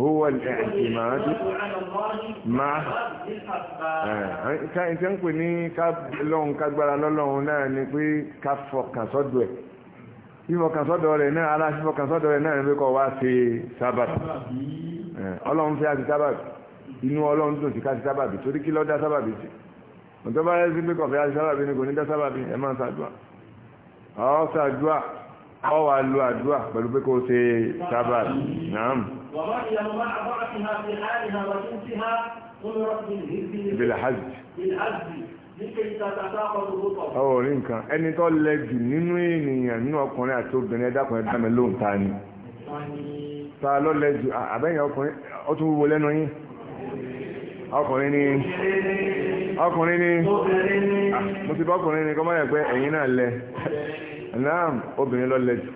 huwa al-i'timadu máa ẹ̀ ǹkan pè ní lọ́hun kágbára lọ́lọ́hun náà ni pé ká fọkàn sọ́dọ̀ ẹ̀ fífọkàn sọ́dọ̀ rẹ̀ náà ará fífọkàn sọ́dọ̀ rẹ̀ náà ni pé kó wá ṣe sábàbí ọlọ́run fẹ́ àti sábàbí inú ọlọ́run dùn sí ká ti sábàbí torí kí ló sábàbí sí ọ̀tọ́ bá rẹ̀ sí pé kọ̀fẹ́ àti sábàbí ni kò ní dá sábàbí ẹ̀ máa ń ṣàdúrà ọ ṣàdúà ọ wà lo àdúà pẹ̀lú pé kó ṣe sábàt náà. ya ọwọ́ rí nǹkan ẹni tó lẹ jù nínú ènìyàn nínú ọkùnrin àti obìnrin ẹ̀dàkùn ẹ̀dá mi ta ni ta lọ lẹ jù àbẹ́yìn ọkùnrin ọtún wúwo lẹ́nu yín ọkùnrin ni. ọkùnrin ni mo ti bá ọkùnrin ni kọ́mọ́ yẹ pé ẹ̀yin náà lẹ náà obìnrin lọ lẹ jù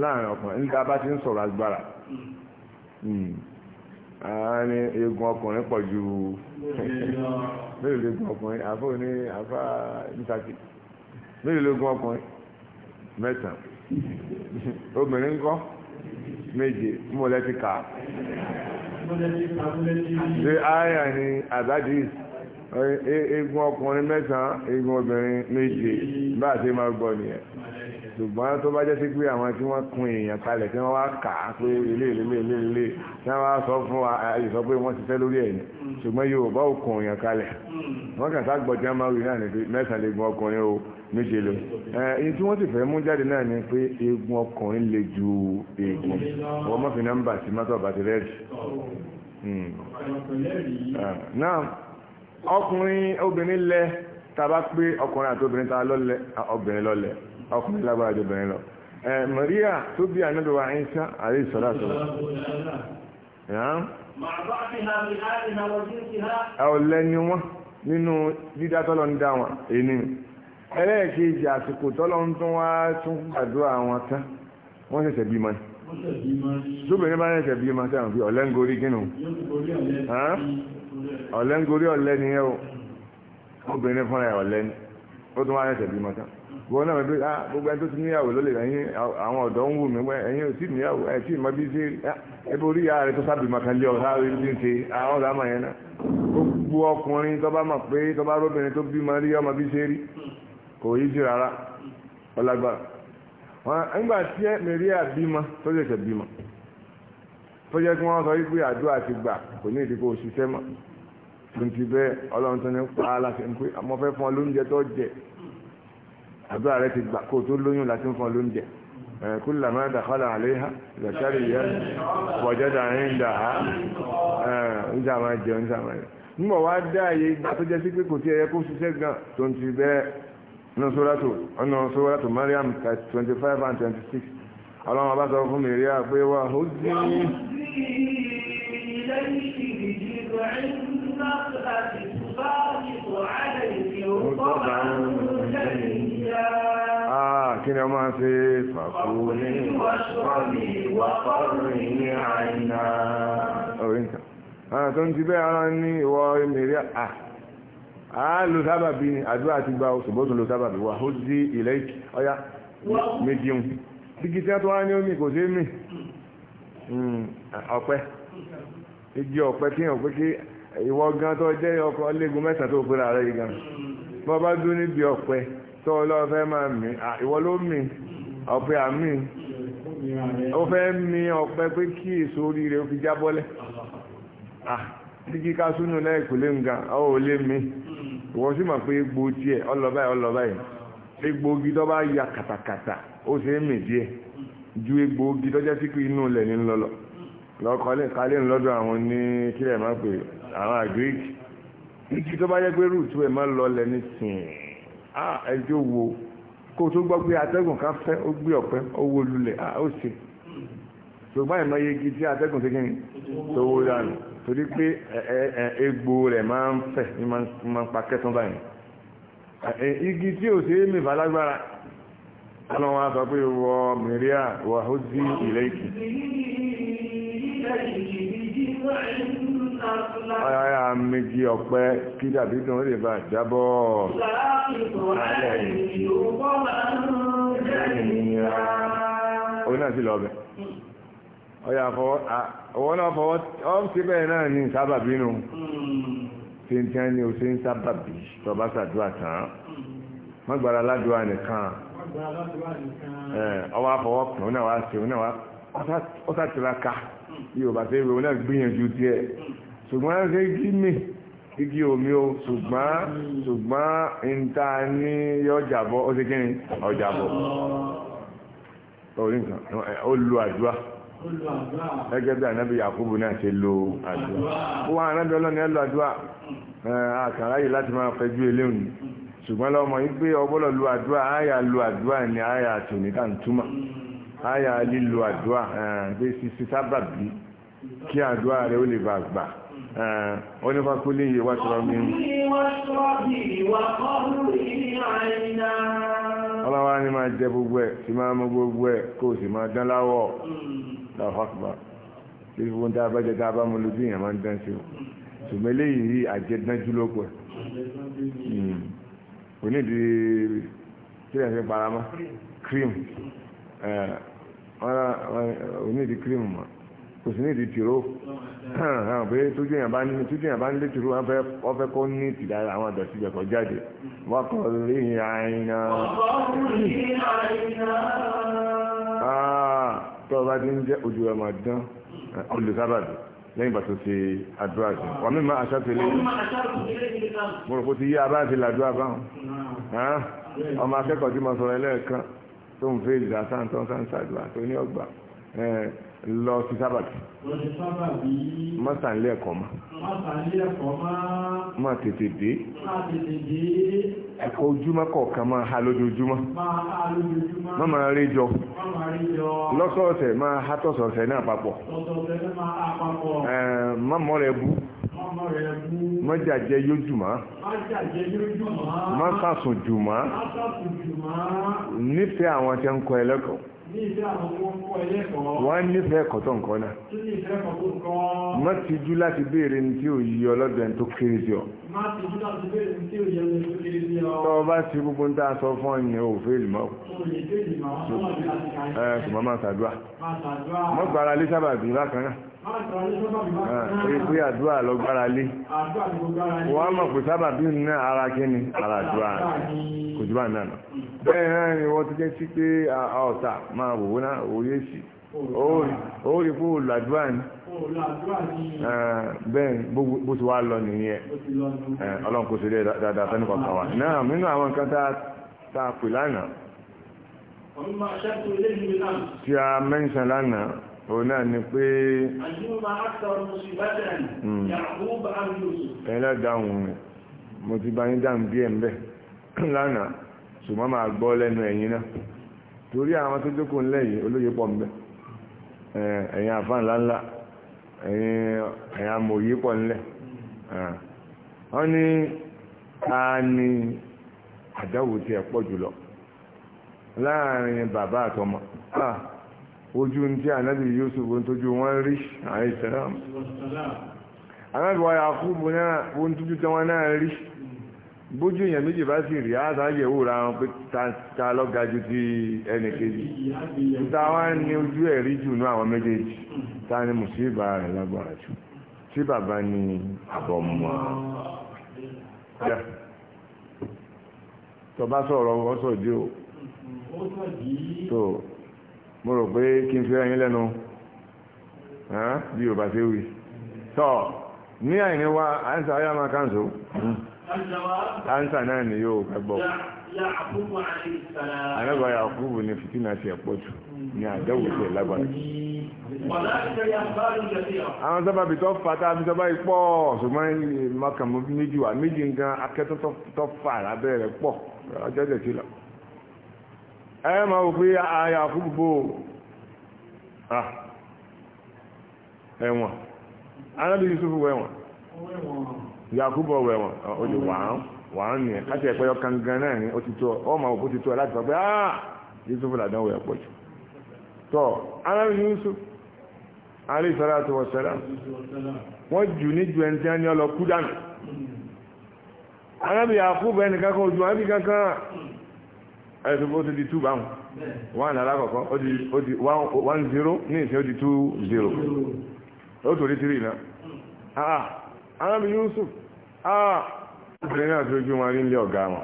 láàrin ọkùnrin níta bá ti ń sọ̀rọ̀ agbára àní hmm. eegun ọkùnrin pọ̀ ju mélòó leegun ọkùnrin àfọ ní àfá nítàkì mélòó leegun ọkùnrin mẹ́sàn obìnrin ńkọ́ méje mọ̀lẹ́tì kà ṣe àyà ni àbádìí eegun ọkùnrin mẹ́sàn-án eegun obìnrin méje bá a ṣe máa gbọ́ nìyẹn ṣùgbọ́n tó bá jẹ́ sí pé àwọn tí wọ́n kun èèyàn kalẹ̀ tí wọ́n wá kà á pé ilé ilé ilé ilé tí wọ́n wá sọ fún wa àyè sọ pé wọ́n ti fẹ́ lórí ẹ̀yìn ṣùgbọ́n Yorùbá ò kun èèyàn kalẹ̀ wọ́n kàn sá gbọ́dọ̀ jẹ́ máa wí náà ní pé mẹ́sàn-án eegun ọkùnrin o méje ló ẹni tí wọ́n sì fẹ́ mú jáde náà ni pé eegun ọkùnrin le ju eegun wọ́n mọ̀fin nọ́mbà sí mọ́tò bàtẹ́rẹ́rì. Hmm. Ah, náà ọkùnrin obìnrin lẹ tàbá pé ọkùnrin àti obìnrin ta lọ́lẹ̀ obìnrin lọ́lẹ̀ ọkùnrin lágbára ju obìnrin lọ Maria tó bí ànábì wa Ìsá alayhi salatu ọ̀lẹ́ ni wọ́n nínú dídá tọ́lọ ń dá wọn èyí ẹlẹ́ẹ̀kejì àsìkò tọ́lọ ń tún wá tún gbàdúrà wọn tán wọ́n ṣẹ̀ṣẹ̀ bímọ ni tóbìnrin bá ṣẹ̀ṣẹ̀ bímọ tẹ́wọ̀n fi ọ̀lẹ́ ń gorí kínú ọ̀lẹ́ ń gorí ọ̀lẹ́ ni ẹ o obìnrin fúnra ẹ̀ ọ̀lẹ́ ni ó tún wá ẹsẹ̀ bí mọ́tá wọn náà wípé ah gbogbo ẹni tó ti níyàwó ló lè ẹ̀yin àwọn ọ̀dọ́ ń wù mí wẹ́ ẹ̀yin ò tí ì níyàwó ẹ̀ tí ì mọ bí ṣe ẹbí orí ah, ìyá rẹ tó sábìmọ kan lé ọ̀sá rí bí ń ṣe àwọn ah, ọ̀dà mọ̀ yẹn náà gbogbo ọkùnrin tó bá mọ̀ pé tó bá róbìnrin tó bímọ rí ọmọ bí ṣe rí kò yí sí rárá ọlágbára wọn nígbà tí mẹ́ríà bímọ tó ṣẹ̀ṣẹ̀ bímọ tó jẹ́ kí wọ́n sọ wípé àdúrà ti gbà kò ní ìdíkò òṣìṣẹ́ mọ́ tuntun bẹ́ẹ̀ ọlọ́run tó ní pa á láti ń pé àmọ́ fẹ́ fún ọ lóúnjẹ tó jẹ àdúrà rẹ ti gbà kó tó lóyún láti ń fún ọ lóúnjẹ كلما دخل عليها زكريا وجد عندها nígbà máa jẹun nígbà máa jẹun nígbà wá dá ayé ìgbà tó jẹ́ sí pé kò tí ẹyẹ kó ṣiṣẹ́ gan tó ń ti bẹ́ẹ̀ Mariam twenty five and twenty six ọlọ́run ọba sọ fún mi rí àpé wa ó dín. النفخة تساقط عليه رطبا جنيا kí ni ọmọ ṣe fàkúrí wàṣọ́lì wàkọ́rì ní àìnà oríta tó ń ti bẹ́ ara ní ìwọ mẹ́rẹ́ à á ah, lò sábàbí ni àdúrà ti gba ṣùgbọ́n lò sábàbí wà ó sí ilẹ̀ ọya méjìun ìwọ gan tó jẹ́ ọkọ̀ léegun mẹ́ta tó pèrè ààrẹ yìí gan bọ́ bá dún níbi ọ̀pẹ tó ọlọ́ọ̀ fẹ́ máa mì ìwọ ló mì ọ̀pẹ àmì ó fẹ́ mì ọ̀pẹ pé kí èso oríire ó fi jábọ́lẹ̀ tí kíká súnú lẹ́ẹ̀kú lé nǹkan ó ò lé mi ìwọ sì mọ̀ pé egbò tiẹ̀ ọlọ́bàá ọlọ́bàá yìí egbòogi tó bá ya kàtàkàtà ó sì ń mì díẹ̀ ju egbòogi tó jẹ́ sí inú ilẹ̀ ní lọ́lọ́ lọ́kọ́lé kálé ń lọ́dọ̀ àwọn ní kílẹ̀ máa pè àwọn àgíríkì títí tó bá yẹ pé rúùtù ẹ̀ máa lọlẹ̀ ní sìn ẹni tó wo kó tó gbọ́ pé atẹ́gùn ká fẹ́ ó gbé ọ̀pẹ ó wó lulẹ̀ ó sì ṣùgbọ́n ìmọ̀ yegi tí atẹ́gùn ṣe kí ni tó wó dànù torí pé egbò rẹ̀ máa ń fẹ̀ ní máa ń pa kẹ́tàn báyìí igi tí ò sí mi bá lágbára ọlọ́run á sọ pé wọ mẹ́ríà wàhóòdì ìlẹ́kì. Ayáyá méjì ọ̀pẹ kí dàbí dùn ó lè bá jábọ́. Ó náà sí lọ bẹ̀. Ọya ọwọ́ náà fọwọ́ ọ́ sí bẹ́ẹ̀ náà ní sábà bínú. Ṣé ń tẹ́ ní o ṣe ń sábà bí tọba sàdúrà tán? Má gbára ládùúrà nìkan. Ọwọ́ afọwọ́ kùn ó náà wá ṣe ó náà wá. Ó sá tiraka bí o bá fẹ́ ìwé náà gbìyànjú tiẹ̀ ṣùgbọ́n ṣe kí mi igi omi o ṣùgbọ́n ṣùgbọ́n níta ní ọjàbọ̀ ó ṣe kíni ọjàbọ̀ orí nǹkan ó lu àdúrà gẹ́gẹ́ bí anábì Yakubu náà ṣe lo àdúrà ó wá anábì ọlọ́ni ẹ lo àdúrà àkàrà hmm. yìí láti máa fẹjú eléhùn hmm. ṣùgbọ́n lọ́mọ yìí pé ọgbọ́dọ̀ lu àdúrà àyà lu àdúrà ni àyà tòní ká ń túmọ̀. Hmm àyà lílo àdúà eh, pé sisi sábà bí kí àdúà rẹ ó lè bá gbà eh, ó ní fákúlé yìí wá tọrọ mi. ọlọ́wà ni máa jẹ gbogbo ẹ̀ sì máa mú gbogbo ẹ̀ kó o sì máa dán láwọ̀ láfàkùbà tí gbogbo ń dábàá jẹ dábàá mú lójú èèyàn máa ń dán sí o ṣùgbọ́n eléyìí àjẹdánjú ló pẹ̀ hmm. kò ní ìdí tí ẹ̀ fi para cream onídìí kírìmù mọ́ kò sí nídìí tìró pé tójú èèyàn bá ń lé tìró wọ́n fẹ́ kó ní ìtìdá àwọn àdọ̀tí ìjọkọ̀ jáde wọ́n kọ́ lórí àìnà ah, tó o bá ti ń jẹ́ ojú ọmọ dán olùsábàdì lẹ́yìn bàtò ṣe àdúrà sí wọ́n mímọ́ aṣáfẹ́lẹ́ mo rò pé ti yí abáṣe làdúrà báwọn ọmọ akẹ́kọ̀ọ́ tí mo sọ̀rọ̀ ẹlẹ́ẹ̀kan tó ń fẹ́ ìdá sáńtọ́ sáńsàdùà tó ní ọgbà lọ sí sábàtì mọ́sànlẹ̀ ẹ̀kọ́ mọ́ máa tètè dé ẹ̀kọ́ ojúmọ́ kọ̀ọ̀kan máa ha lójoojúmọ́ máa máa rí lọ́sọ̀ọ̀sẹ̀ máa hátọ̀sọ̀ọ̀sẹ̀ náà papọ̀ mọ́ rẹ̀ bú mọ́jà jẹ yóò jù mọ́ mọ́sàsùn jù àwọn tí ń kọ́ ẹlẹ́kọ̀ọ́ wọ́n nífẹ̀ẹ́ ẹ̀kọ́ tó nǹkan náà má ti jú láti béèrè ní tí ò yí ọlọ́dọ̀ ẹni tó kéré sí ọ. tọ́ ọ bá ti gbogbo ń tà sọ fún ọyìn ò fèèlì mọ́ ọ. ẹ ṣùgbọ́n máa ṣàdúrà mọ́ gbára lé sábàbí bákan náà ìpé àdúrà lọ gbára lé wọ́n á mọ̀ pé sábàbí náà ara kí ni ara àdúrà kò jù bá náà bẹ́ẹ̀ náà ni wọ́n ti jẹ́ sí pé ọ̀tà máa wò náà òye sí ó rí fún olùdàdúrà ni bẹ́ẹ̀ bó ti wá lọ nìyẹn ọlọ́run kò sí lé dáadáa fẹ́ nípa kàwá náà nínú àwọn nǹkan tá a pè lánàá tí a mẹ́ńsàn lánàá òun náà ni pé ẹ̀lẹ́dàá hmm. òun mo ti bá yín dáhùn bí ẹ̀ ń bẹ̀ lánàá ṣùgbọ́n máa gbọ́ lẹ́nu ẹ̀yin náà torí àwọn tó jókòó ńlẹ̀ yìí olóye pọ̀ ńbẹ ẹ̀yin àfa ńláńlá ẹ̀yin amòye pọ̀ ńlẹ̀ wọ́n ní ta ni àdáwò tí ẹ̀ pọ̀ jùlọ láàrin bàbá àtọmọ ojú ní tí ànábì Yusuf ń tójú wọn rí àìsàn náà ànábì wa Yakubu náà ó ń tójú tí wọn náà rí bójú èèyàn méjì bá sì rí àtàyẹ̀wò ra wọn pé ta lọ ga ju ti ẹnìkejì ta wá ní ojú ẹ̀ rí jù ní àwọn méjèèjì ta ni mùsíbà rẹ̀ lágbára jù tí bàbá ní àbọ̀mọ́ tọba sọ̀rọ̀ ọ̀sọ̀ dí o tó mo rò pé kí n fi ẹyin lẹ́nu bí o bá ṣe wí tọ́ ní àìníwá àìsàn ayáma káńsó ánsà náà ni yóò gbẹ́gbọ́ anábà Yakubu ni fìtínà ti ẹ̀pọ̀ jù ní àdẹ́wò sí ẹ̀lágbára àwọn sábà bí tó fà tá a bí sábà ipọ̀ ṣùgbọ́n mọ́kànmú méjì wà méjì nǹkan akẹ́tọ́ tó fà lábẹ́ rẹ̀ pọ̀ ọjọ́ jẹ̀ sí lọ ẹ máa wò pé Yakubu bò ẹ̀wọ̀n anábì Yusufu wẹ̀wọ̀n yakubu ọwẹ wọn o lè wà án wà án nìyẹn láti ni ó ti tó ọmọ òkú ti tó ẹ láti sọ pé ah! làdán wẹ̀ tọ́ wọ́n jù ní ju ẹni tí wọ́n ọ lọ kú dànù ẹni kankan ojú wọn kankan ẹ̀sùn ti di wọn alákọ̀ọ́kọ́ ó di one Ah. obìnrin náà fi ojú wọn rí nílé ọ̀gá wọn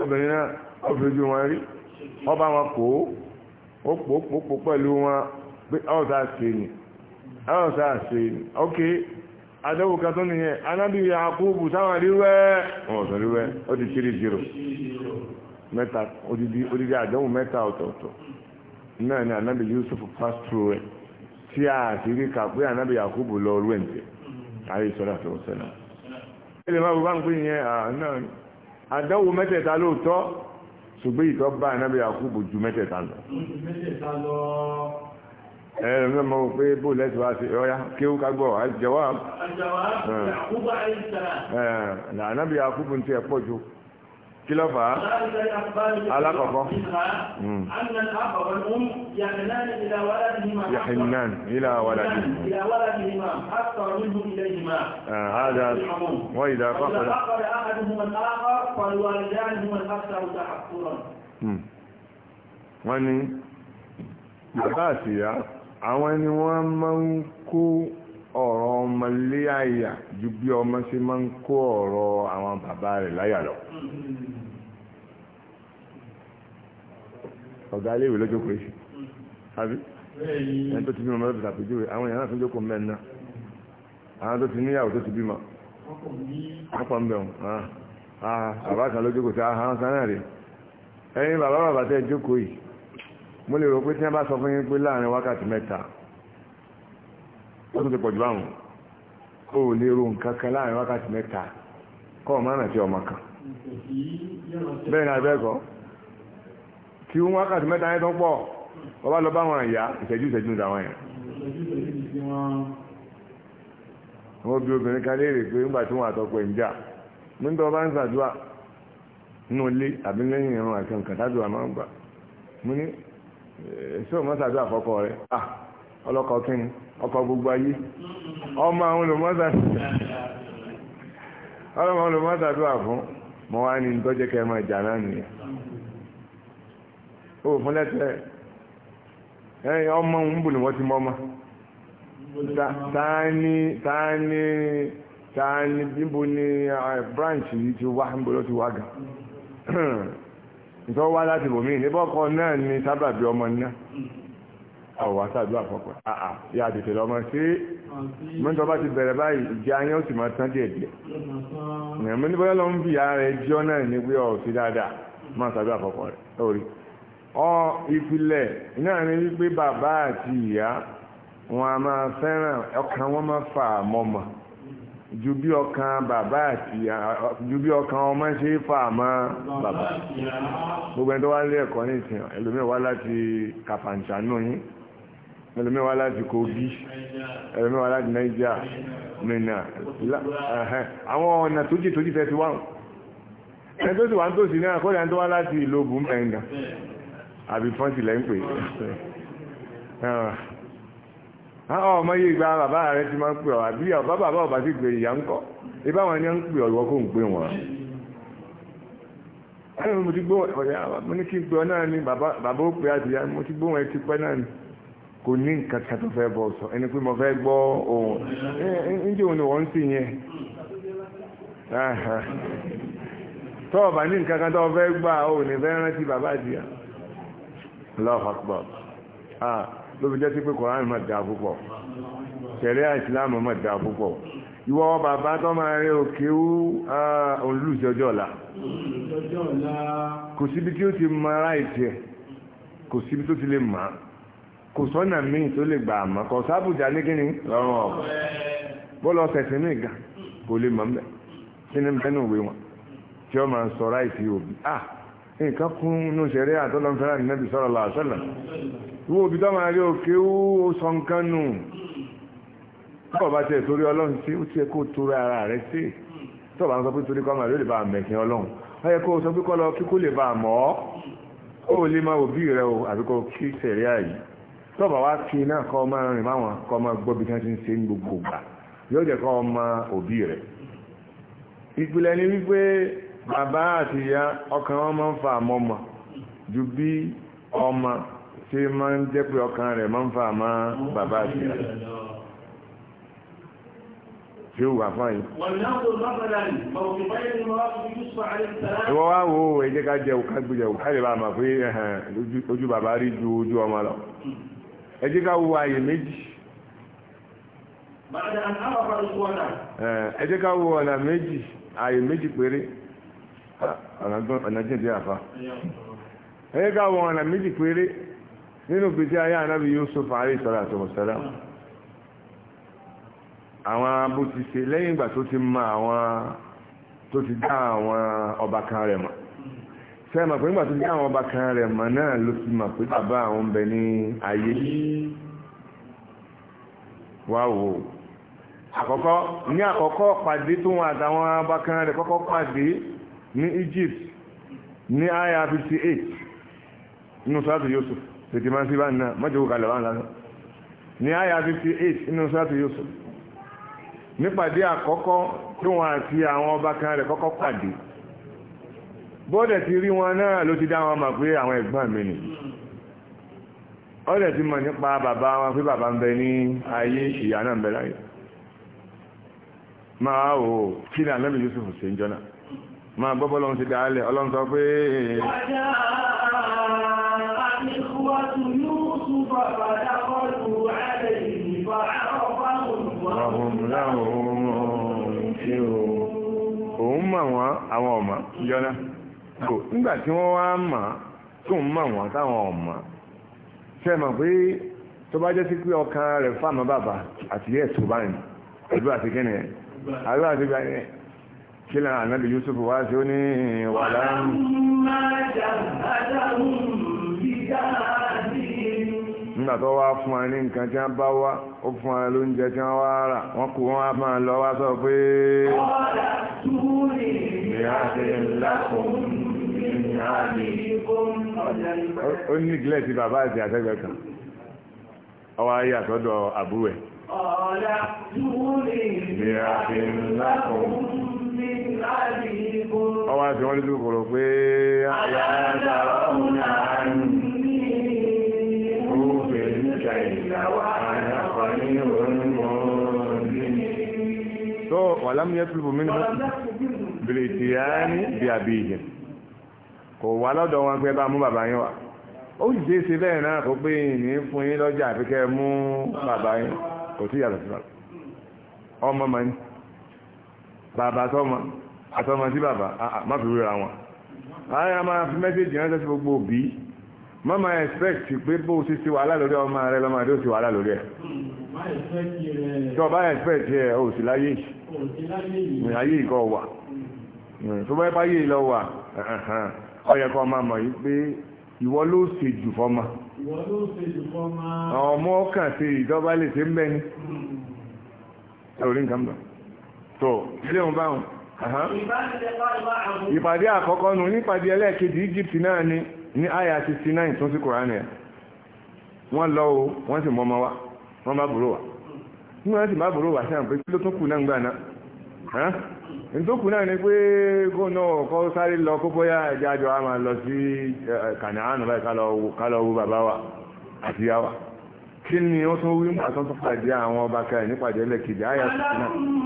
obìnrin náà ó fi ọba wọn kò ó pẹ̀lú wọn pé ṣe ni ṣe ok kan tó nìyẹn anábì Yakubu sáwọn ríwẹ́ ríwẹ́ ó ti zero odidi ọ̀tọ̀ọ̀tọ̀ náà ni anábì Yusuf pass through tí a ti rí kà pé anábì Yakubu lọ rú sọ́dọ̀ àti ọ̀sẹ̀ náà ilé máa bú bá ń pè yẹn àná àdánwò mẹ́tẹ̀ẹ̀ta lóòótọ́ ṣùgbọ́n ìtọ́ bá ànábì àkúbò ju mẹ́tẹ̀ẹ̀ta lọ. ẹ ẹ ní mo pé bó lẹ́sìn wá sí ọ̀yá kéwú ká gbọ́ àjẹwà. àjẹwà àkúbà ẹ̀ ń àkúbò ń tiẹ̀ pọ̀ ju. كلا فا على قفا أن الأب والأم يحنان إلى ولدهما يحنان إلى ولدهما إلى ولدهما حتى منهم إليهما هذا وإذا فقد فقد أحدهما الآخر فالوالدان هما الأكثر تحصرا وني أباسيا عوان ومنكو ọ̀rọ̀ ọmọ lé àyà ju bí ọmọ ṣe máa ń kó ọ̀rọ̀ àwọn bàbá rẹ̀ láyà lọ. ọ̀gá iléèwé lọ́jọ́ pé àbí ẹni tó ti bímọ mẹ́rin tàbíjúwe àwọn èèyàn náà tó jókòó àwọn tó ti níyàwó tó ti bímọ. wọ́n pọ̀ ń bẹ̀rù ah, ah, bàbá kan ló ah, pé tí wọ́n bá sọ fún yín pé láàrin wákàtí mẹ́ta ó tún ti pọ̀jù báwọn ó lè ro nǹkan kan láàrin wákàtí mẹ́ta kọ́ ọ̀mọ́ àti ọmọ kan bẹ́ẹ̀ ni abẹ́ẹ̀kọ́ kí wọ́n wákàtí mẹ́ta yẹn tó pọ̀ wọ́n bá lọ bá wọn ìyá ìṣẹ́jú ìṣẹ́jú ní àwọn yẹn wọ́n bí obìnrin kan léèrè pé nígbà tí wọ́n ẹ̀ ń jà nígbà wọ́n bá ń nínú ilé àbí lẹ́yìn ìrún àti nǹkan máa ń gbà mo ní ọkọ̀ gbogbo ayé ọmọ àwọn olùmọ́sàdúrà fún mọ́ wá ní tọ́jẹ́ kẹ́ mọ́ ìjà náà nìyẹn ó fún lẹ́tẹ̀ ẹ̀yìn ọmọ ń bù ní wọ́n ti mọ́ ni branch yìí ti wá ló ti wá gan nítorí wá láti náà ni sábàbí ọmọ náà àwọ̀wá sàdúrà fọ́pọ̀ àà yà tètè lọ́mọ sí mẹ́tọ́ bá ti bẹ̀rẹ̀ báyìí ìjẹ́ ayé ó sì máa tán díẹ̀ díẹ̀ ẹ̀mí ní bọ́yọ́ lọ ń fi ara rẹ̀ jọ náà ní pé ọ̀sí dáadáa máa sàdúrà fọ́pọ̀ rẹ̀ lórí ọ ìpìlẹ̀ náà ní wípé bàbá àti ìyá wọn a máa fẹ́ràn ọkàn wọn máa fà mọ́mọ́ ju bí ọkàn bàbá àti ju bí ọkàn ọmọ ṣe é fà mọ́ bàbá gbogbo ẹni tó wá lé ẹ̀kọ́ ní ìsìn ẹlòmíràn wá láti kàfàǹṣà náà yín ẹlòmíwá láti Kogi ẹlòmíwá láti Naija mẹ́nà àwọn ọ̀nà tó jì tó jì fẹ́ ti wáhùn ẹni tó sì wá ń tòsí náà kọ́dà tó wá láti ìlú ogun mẹ́nà àbí fọ́ǹtì lẹ́ ń pè ọmọ yìí gba bàbá rẹ ti máa ń pè ọ àbí bàbá bàbá ọba sì pè ìyá ń kọ ìbáwọn ni ó ń pè ọ ìwọ kò ń pè wọn ẹni mo ti gbó ọ̀rẹ́ mo ní kí n pè ọ náà ni bàbá ó pè àdìyá mo ti gbó wọn ti pẹ́ náà ni kò ní nǹkan kan tó fẹ́ bọ̀ sọ ẹni pé mo fẹ́ gbọ́ ohun ǹjẹ́ òun ni wọ́n ń sìn yẹn tó o bá ní nǹkan kan tó o fẹ́ gbà o ní fẹ́ rántí bàbá àdìyà Allahu Akbar ló fi jẹ́ sí pé Kùránì máa dáa púpọ̀ sẹ̀rí àìsíláàmù máa dáa púpọ̀ ìwọ bàbá tó máa rí òkè òun lùsí ọjọ́ ọ̀la kò síbi tí ó ti mọ aráìtì ẹ̀ kò síbi tó ti lè mọ̀ á kò sọ́nà míì tó lè gbà àmọ́ kò sábùjá ní kíni lọ́rùn ọ̀bọ̀ bọ́ọ̀lù ọ̀sẹ̀sẹ̀ míì gan kò lè mọ̀ mbẹ́ kí ni bẹ́ẹ̀ nù wé wọn tí ó máa ń sọ ráìsì òbí à nǹkan kún inú ṣẹ̀rí àtọ́lọ́mfẹ́ràn nẹ́bí sọ̀rọ̀ làásọ̀là wo òbí tó máa rí òkè ó sọ nǹkan nù tọ́ọ̀ bá tiẹ̀ torí ọlọ́run sí ó tiẹ̀ kó torí ara rẹ̀ sí tọ́ọ̀ bá ń sọ pé torí kọ́ máa ló lè bá mẹ̀sìn ọlọ́run ó yẹ kó o sọ pé kọ́ lọ kíkó lè bá mọ́ ọ́ ó lè máa òbí rẹ o àbíkọ́ kí sẹ̀rí àyè tọ́bà wá fi náà kọ́ máa rìn máwọn kọ́ máa gbọ́bi kan ti ń ṣe ní gbogbo gbà yóò jẹ́ kọ́ ọmọ òbí rẹ̀ ìpìlẹ̀ ni wípé bàbá àti ìyá ọkàn wọn máa ń fa àmọ́mọ́ ju bí ọmọ ṣe máa ń jẹ́ pé ọkàn rẹ̀ máa ń fa àmọ́ bàbá àti ìyá tí ó wà fáyí. Ìwọ́ wá wo ẹjẹ́ ká jẹ́ òkágbéjẹ̀ òkágbéjẹ̀ bá máa pé ojú bàbá rí ju ojú ọmọ lọ. ẹ ala meji wo ààyè méjì ẹ jẹ́ ká wo ọ̀nà méjì ààyè àfa nínú gbèsè ayé Yusuf alayhi sara wa àwọn ti lẹ́yìn ìgbà ti ma àwọn tó ti dá àwọn ọba kan rẹ̀ sẹ́mà pé nígbà tó ní àwọn ọba kan rẹ̀ mọ̀ náà ló fi mọ̀ pé bàbá àwọn bẹ ní ayé wá wò àkọ́kọ́ ní àkọ́kọ́ pàdé tó wọn àtàwọn ọba kan rẹ̀ kọ́kọ́ pàdé ní Egypt ní aya 58 nínú sọ́ọ̀tù Yusuf tètè máa ń sí báyìí náà mọ́jọ́ kalẹ̀ wà lánàá ní aya 58 nínú sọ́ọ̀tù Yusuf nípàdé àkọ́kọ́ tó wọn àti àwọn ọba kan rẹ̀ kọ́kọ́ pàdé bọ́ọ̀dẹ̀ ti rí wọn náà ló ti dá wọn mọ̀ pé àwọn ẹ̀gbọ́n mi nì ọ́dẹ̀ ti mọ̀ nípa bàbá wọn pé bàbá ń bẹ ní ayé ìyá náà ń bẹ láyé máa wò kí ni ànábì Yusuf ṣe ń jọ́nà máa gbọ́ bọ́lọ́run ti dáálẹ̀ ọlọ́run sọ pé òun mọ̀ wọn àwọn ọmọ jọ́nà so nígbà tí wọ́n wá mà tó ń mà wọ́n táwọn ọ̀mà ṣe mọ̀ pé tó bá jẹ́ sí pé ọkàn rẹ̀ fáàmà bàbà àti yẹ́ tó bá ní ìlú àti kẹ́nẹ̀ àlọ́ àti gbà yẹn kí lẹ́nu ànábì Yusuf wá sí ó ní wà nígbà tó wá fún wa ní nǹkan tí wọ́n bá wá ó fún wa lóúnjẹ tí wọ́n wá rà wọ́n kó wọn á máa lọ wá sọ pé. ọ̀rọ̀ àtúnyẹ̀ ìyá ti ń lákòó ó ní gílẹ̀ sí bàbá àti àtẹ́gbẹ̀ kan ọwọ́ ayé àtọ́dọ̀ àbúrò ẹ̀ ọ̀la túlé ìrìnàfin wọ́n lójú kòrò pé àyàdà ọ̀nà àmì òfè níta mínú bìrìtìyà bí àbí ìhìn kò wá lọ́dọ̀ wọn pé bá mú bàbá yín wá ó sì ṣe é ṣe bẹ́ẹ̀ náà kó pé ìní fún yín lọ́jà àfi kẹ́ mú bàbá yín kò sí yàtọ̀ sí bàbá ọmọ mọ̀ ní bàbá sọmọ àtọmọ sí bàbá má fi wéra wọn àwọn ọmọ fi mẹ́sẹ̀jì ránṣẹ́ sí gbogbo òbí má máa expect pé bó ṣe ṣe wàhálà lórí ọmọ rẹ lọ́mọ rẹ ó ṣe wàhálà lórí ẹ̀ tó bá expect ẹ̀ ò sí láyé ìkọ̀ wà tó bá yẹ lọ wà ọyẹ kọ́ máa mọ̀ yìí pé ìwọ ló ṣe jù fọ́mà ọmọ ọkàn ṣe ìjọba lè ṣe ń bẹ́ ni torí nǹkan bọ̀ tó ilé òun báwọn ìpàdé àkọ́kọ́ nù nípàdé ẹlẹ́ẹ̀kejì Egypt náà ni ní àyà 69 tó sí kòránì ẹ̀ wọ́n lọ o wọ́n sì mọ́ ọmọ wa wọ́n bá bùrò wa wọ́n sì bá bùrò wa sí àwọn pé kí ló tún kù náà gbà náà nítòkù náà ni pé kó náà kọ́ sáré lọ kó bóyá ẹja àjọ a máa lọ sí kànáánù báyìí kálọ̀ owó bàbá wa àti yá kí ni ó tún wí nípa tó tó pàdé àwọn ọba ká ẹ̀ nípàdé ẹlẹ́kejì àyà tuntun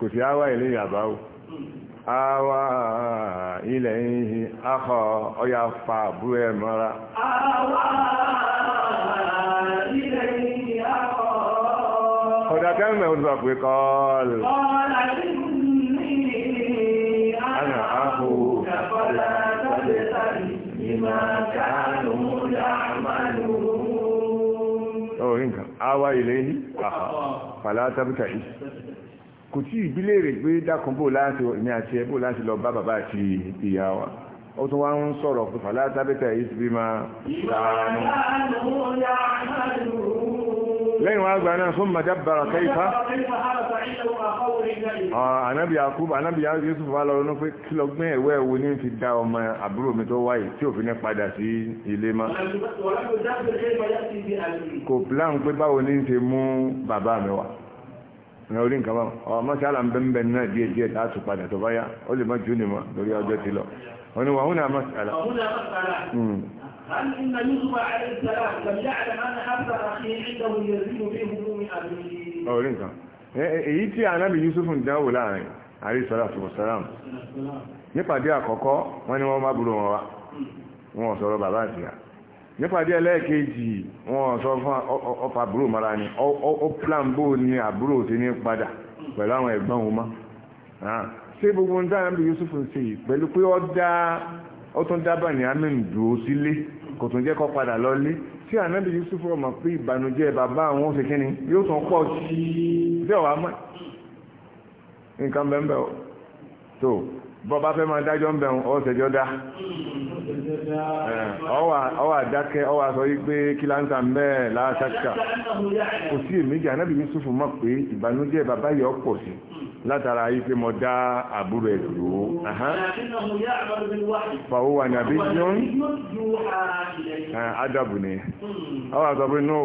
kò sí àwà ilé ìyàbá o àwà ilẹ̀ yìí akọ̀ ọya fa àbúrò ẹ̀ mọ́ra àwà ilẹ̀ yìí akọ̀ ọ̀dà kẹ́mẹ̀ olùbà pé kọ́ọ̀lù ana ahu kàfọ́lá tọ́lẹ̀ tàbí ìmọ̀ kánú láàmàlú orin kan àwà ilẹ̀ yìí akọ̀ fàlátàbítà yìí kò tí ìbílẹ̀ rẹ̀ gbé dákun bò láti ní àti ẹbò láti lọ bá bàbá àti ìyá wa ó tún wá ń sọ̀rọ̀ pé fàlá tábẹ́tà yìí ti bí máa ṣàánú lẹ́yìn wá gbaná fún mọ̀dábàrà kẹfà ànábì Yakub ànábì Yusuf wá lọ ronú pé kí lọ gbẹ́ ẹ̀wẹ́ ẹ̀wò ní ti dá ọmọ àbúrò mi tó wáyé tí ò fi ní padà sí ilé má kò plan pé báwo ní ti mú bàbá mi wá ní orí nǹkan bá ọ mọ́sálà ń bẹ́ ń bẹ́ náà díẹ̀ díẹ̀ láti padà tó bá yá ó lè má jù ní mọ́ lórí ọjọ́ ti lọ wọ́n ni wàhúnà mọ́sálà. orí nǹkan èyí tí anábì Yusuf ń dánwò láàrin àrí sọ́lá tó sọ́lám nípàdé àkọ́kọ́ wọ́n ni wọ́n má burú wọn wá wọn sọ̀rọ̀ bàbá àti ìyá nípàdé ẹlẹ́ẹ̀kejì wọn sọ fún ọfà àbúrò mara ni ó plan bó ni àbúrò ti ní padà pẹ̀lú àwọn ẹ̀gbọ́n òun mọ́ ṣé gbogbo ń dára bí Yusuf ń ṣe pẹ̀lú pé ó tún dábà ní amín dùn ó sílé kò tún jẹ́ kó padà lọ́lé tí ànábì Yusuf ọmọ pé ìbànújẹ́ bàbá àwọn ó ṣe kí ni yóò tún pọ̀ sí i bẹ́ẹ̀ wàá mọ̀ nǹkan bẹ́ẹ̀ bẹ́ẹ̀ tó bọ́ bá fẹ́ máa dájọ́ ń bẹ̀rùn ọ̀ṣẹ̀jọ́ dá Eh, ọwà dákẹ́ ọwà sọ pé kí láńtà mẹ́ẹ̀ láṣáṣà kò sí èméjì anábì Yusufu mọ̀ pé bàbá yìí ọ̀pọ̀ sí látara yìí pé mo dá àbúrò ẹ̀ dúró wà nàbí yún ádàbù ni hmm. ọwà sọ pé no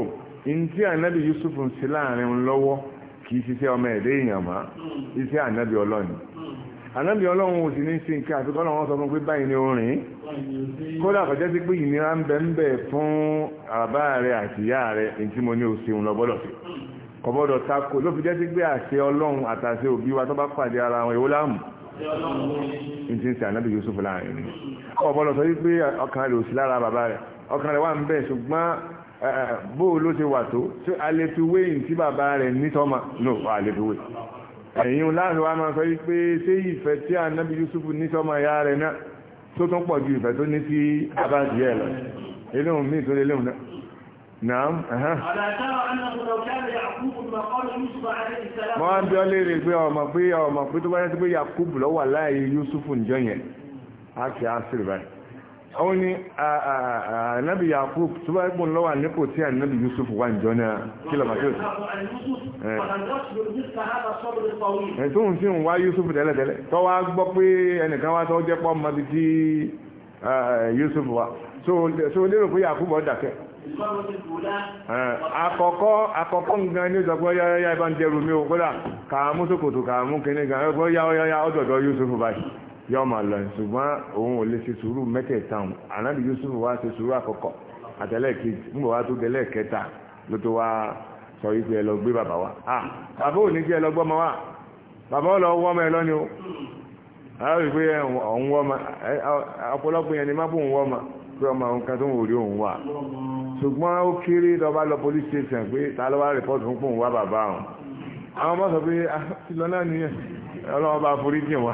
ntí anábì Yusufu ń ṣe láàrin lọ́wọ́ kì í ṣiṣẹ́ ọmọ ẹ̀dẹ́ èèyàn mọ́ hmm. iṣẹ́ anábì ànábì ọlọ́run ò sì ní sí nǹkan àti kọ́nà wọn sọ fún pé báyìí ni orin kódà kọjá sí pé ìnira ń bẹ ń bẹ fún àbá rẹ àti ìyá rẹ èyí tí mo ní o ṣeun lọ́gbọ́dọ̀ sí kọ́bọ́dọ̀ tako ló fi jẹ́ sí pé àṣẹ ọlọ́run àtàṣe òbí wa tó bá pàdé ara wọn èwo láàmú ní ti ń sẹ ànábì Yusuf láàrin ni ọ̀bọ̀dọ̀ sọ wípé ọkàn rẹ̀ ò sí lára bàbá rẹ̀ ọkàn rẹ̀ wà ń bẹ ṣùgbọ́n bóò ló ṣe wà tó ṣé fi wéyìn tí no a ẹ̀yìn láàrin wa máa sọ wípé ṣé ìfẹ́ tí ànábì Yusuf ní sọ́mọ ìyá rẹ̀ náà tó tún pọ̀ ju ìfẹ́ tó ní sí abájú ẹ̀ lọ eléhùn míì tó léléhùn náà naam mọ́ á bí ọ léèrè pé ọmọ pé ọmọ pé tó bá yẹ pé Yakubu lọ́wọ́ láàyè Yusuf ǹjọ́ yẹn á kì á sí rẹ̀ báyìí ó ni anabi yakub tó bá gbọ́n lọ́wọ́ ànípò tí ànábì yusuf wà níjọ́ náà kí ẹ̀ tó ń sì wá yusuf tẹ́lẹ̀tẹ́lẹ̀ tó wá gbọ́ pé ẹnìkan wá tó jẹ́ pọ́ tí yusuf wà so lérò pé yakub ọ̀ dàkẹ́ nǹkan ní mi ò kódà kàámú sókòtò kàámú kìnnìkan yusuf báyìí yọ ma lọ ṣùgbọ́n òun ò lè ṣe sùúrù mẹ́tẹ̀ẹ̀ta hùn ànábì Yusuf wá ṣe sùúrù àkọ́kọ́ àtẹlẹ́ẹ̀kejì ń bọ̀ wá tó gẹlẹ́ kẹta ló tó wá sọ yìí pé ẹ lọ gbé wa ah bàbá ò ní kí ẹ lọ gbọ́mọ wa bàbá ò lọ wọ́ ọmọ ẹ o wọ́ ọmọ yẹn ni má bò ń wọ́ ọmọ pé ọmọ ọlọ́wọ́ bá forí jìn wá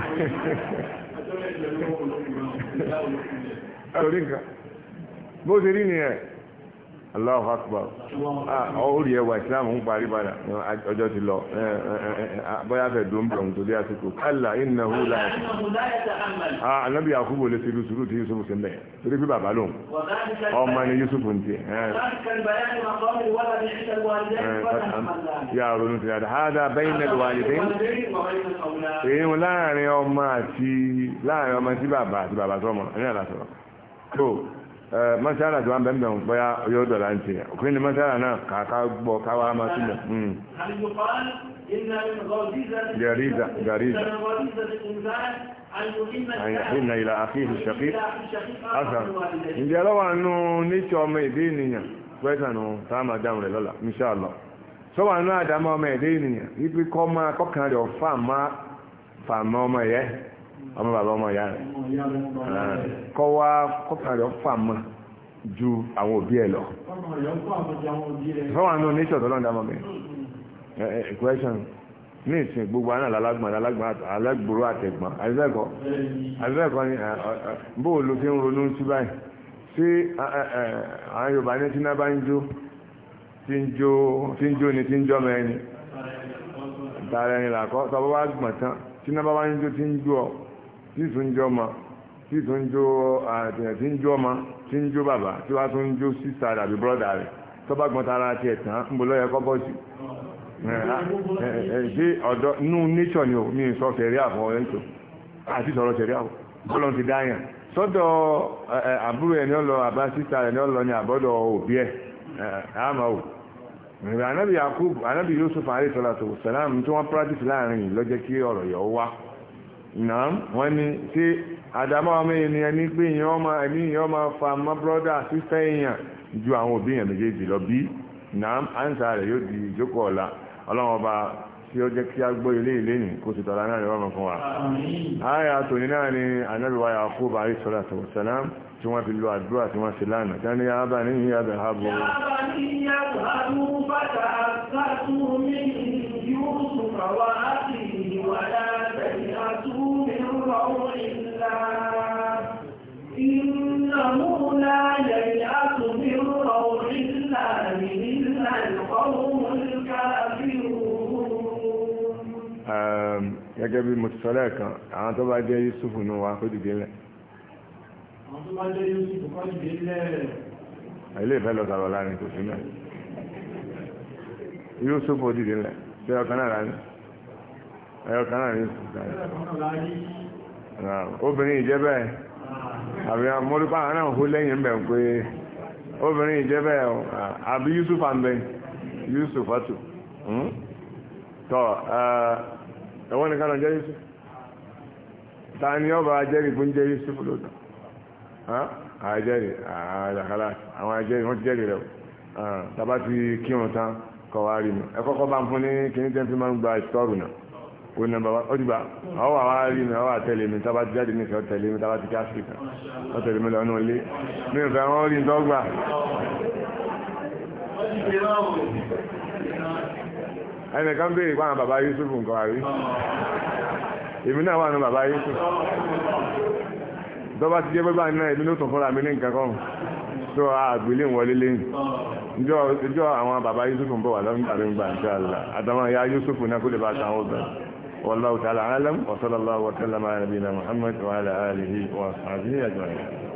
bó ṣe rí nìyẹn. Allahu Akbar ah, ó rí ẹwà Islam ń parí padà ọjọ́ ti lọ eh, eh, eh, ah, bóyá fẹ́ dùn bẹ̀rù nítorí àsìkò kálá iná hu láì anábì ah, àkúbò lè ṣe lùsùrù tí Yusuf ṣe mẹ́ torí bí bàbá lòun ọmọ ni Yusuf ń tiẹ̀. yà ronú ti dada hada bẹ́yìn ẹ̀dùn wàlídẹ́yìn èyí láàrin ọmọ àti láàrin ọmọ sí bàbá àti bàbá sọmọ ẹni àlàsọ̀rọ̀ Eh, masala tó wọn bẹ̀rẹ̀ bóyá yóò dọ̀la ń tẹ̀ òkè ni masala náà kàkà gbọ́ káwa máa tún bẹ̀. gariza hmm. gariza àyàfínà ìlà àfihàn ṣàkí àṣà ǹjẹ́ lọ́wọ́ nù níṣẹ́ ọmọ ìdí ènìyàn pẹ́sàn nù táàmà dáhùn rẹ̀ lọ́la inṣàlá sọ́wọ́ nù àdámọ́ ọmọ ìdí ènìyàn wípé kọ́ máa kọ́kàn rẹ̀ ọ̀fà máa fà mọ́ ọmọ yẹn ọmọ bàbá ọmọ ìyá rẹ̀ kọ́ wá kọ́kàn rẹ̀ ju àwọn òbí ẹ̀ lọ fọ́wọ́n ní oníṣẹ́ ọ̀tọ́ lọ́nà dámọ́ mi question ní ìsìn gbogbo àná lálágbọ̀n lálágbọ̀n alágbòrò àtẹ̀gbọ̀n àbíbẹ́ẹ̀kọ́ àbíbẹ́ẹ̀kọ́ ni bó ló fi ń ronú sí báyìí sí àwọn Yorùbá ní tíná bá ń jó tí ń jó ni tí ń jọ́ mẹ́rin tààrẹ ni làkọ́ tọ́ bá wá gbọ̀n tán tíná bá wá ń jó tí ń jó ọ tí njọ jọ ma njọ ọmọ tí ń bàbá tí wàá tún àbí rẹ̀ tọ́ba nature ni o mi sọ fẹ̀rí àfọ̀ ọ̀rẹ́ tó àti sọ̀rọ̀ fẹ̀rí àfọ̀ ti dáyàn sọ́dọ̀ àbúrò ẹ̀ ní àbá ni òbí ẹ̀ o ànábì Yakub ànábì Yusuf alayhi salatu salam tí wọ́n practice láàrin yìí ló kí ọ̀rọ̀ yọ̀ wá náà wọ́n ní tí àdámọ́ ọmọ ènìyàn ní pé èèyàn ọmọ ẹ̀mí èèyàn ọmọ fa mọ́ brọ́dà sísẹ́ èèyàn ju àwọn òbí èèyàn méjèèjì lọ bí náà ánsà rẹ̀ yóò di ìjókòó ọ̀la ọlọ́run ọba tí ó jẹ́ kí a gbọ́ ilé ilé nì kó ti tọ́lá náà rẹ̀ wọ́n fún wa. àyà tòní náà ni anábìwá Yakub bàárí sọ́lá tó sẹ́lá tí wọ́n fi lo àdúrà tí wọ́n ṣe lánàá tí yàrá bá ní yàrá bá gẹ́gẹ́ bí mo ti sọ lẹ́ẹ̀kan àwọn tó bá jẹ́ Yusuf nù wa kó dìde lẹ̀. àwọn tó bá jẹ́ Yusuf kó dìde lẹ̀. ilé ìfẹ́ lọ sàrọ̀ láàrin kò sí mẹ́rin Yusuf ó dìde lẹ̀ ṣé ọkàn náà láàrin ẹ̀yọ kan náà ní Yusuf láàrin. obìnrin ìjẹ́ bẹ́ẹ̀ àbí amúlùpá àwọn náà lẹ́yìn mbẹ̀ pé obìnrin ìjẹ́ àbí Yusuf àmbẹ̀ Yusuf àtù hmm? tọ́ ẹ̀wọ́n ni kálọ̀ jẹ́ Yusuf ta ni ọba ajẹ́rì fún jẹ́ Yusuf lóta ajẹ́rì àdàkálà àwọn ajẹ́rì wọ́n ti jẹ́rì rẹ̀ tàbá ti kírun tán kọwa rí mi ẹ̀kọ́kọ́ bá ń fún ní kíní tẹ́ fi máa ń gba ìtọ́rù náà ó ní bàbá ó dìbà àwọn àwọn arí mi ẹnìkan béèrè pàrọ̀ bàbá Yusuf nǹkan àrí èmi náà wà ní bàbá Yusuf tọ́ba ti jẹ́ bẹ́bà náà èmi ló tún fúnra mi ní nǹkan kan tó àgbélé wọlé lẹ́yìn ìjọ àwọn bàbá Yusuf ń bọ̀ wà lọ́gbàdúgbà ń tẹ́ àlá àtàwọn ìyá Yusuf náà kó lè bá àtàwọn obìnrin. والله تعالى عالم وصلى الله وسلم على نبينا محمد وعلى آله وأصحابه أجمعين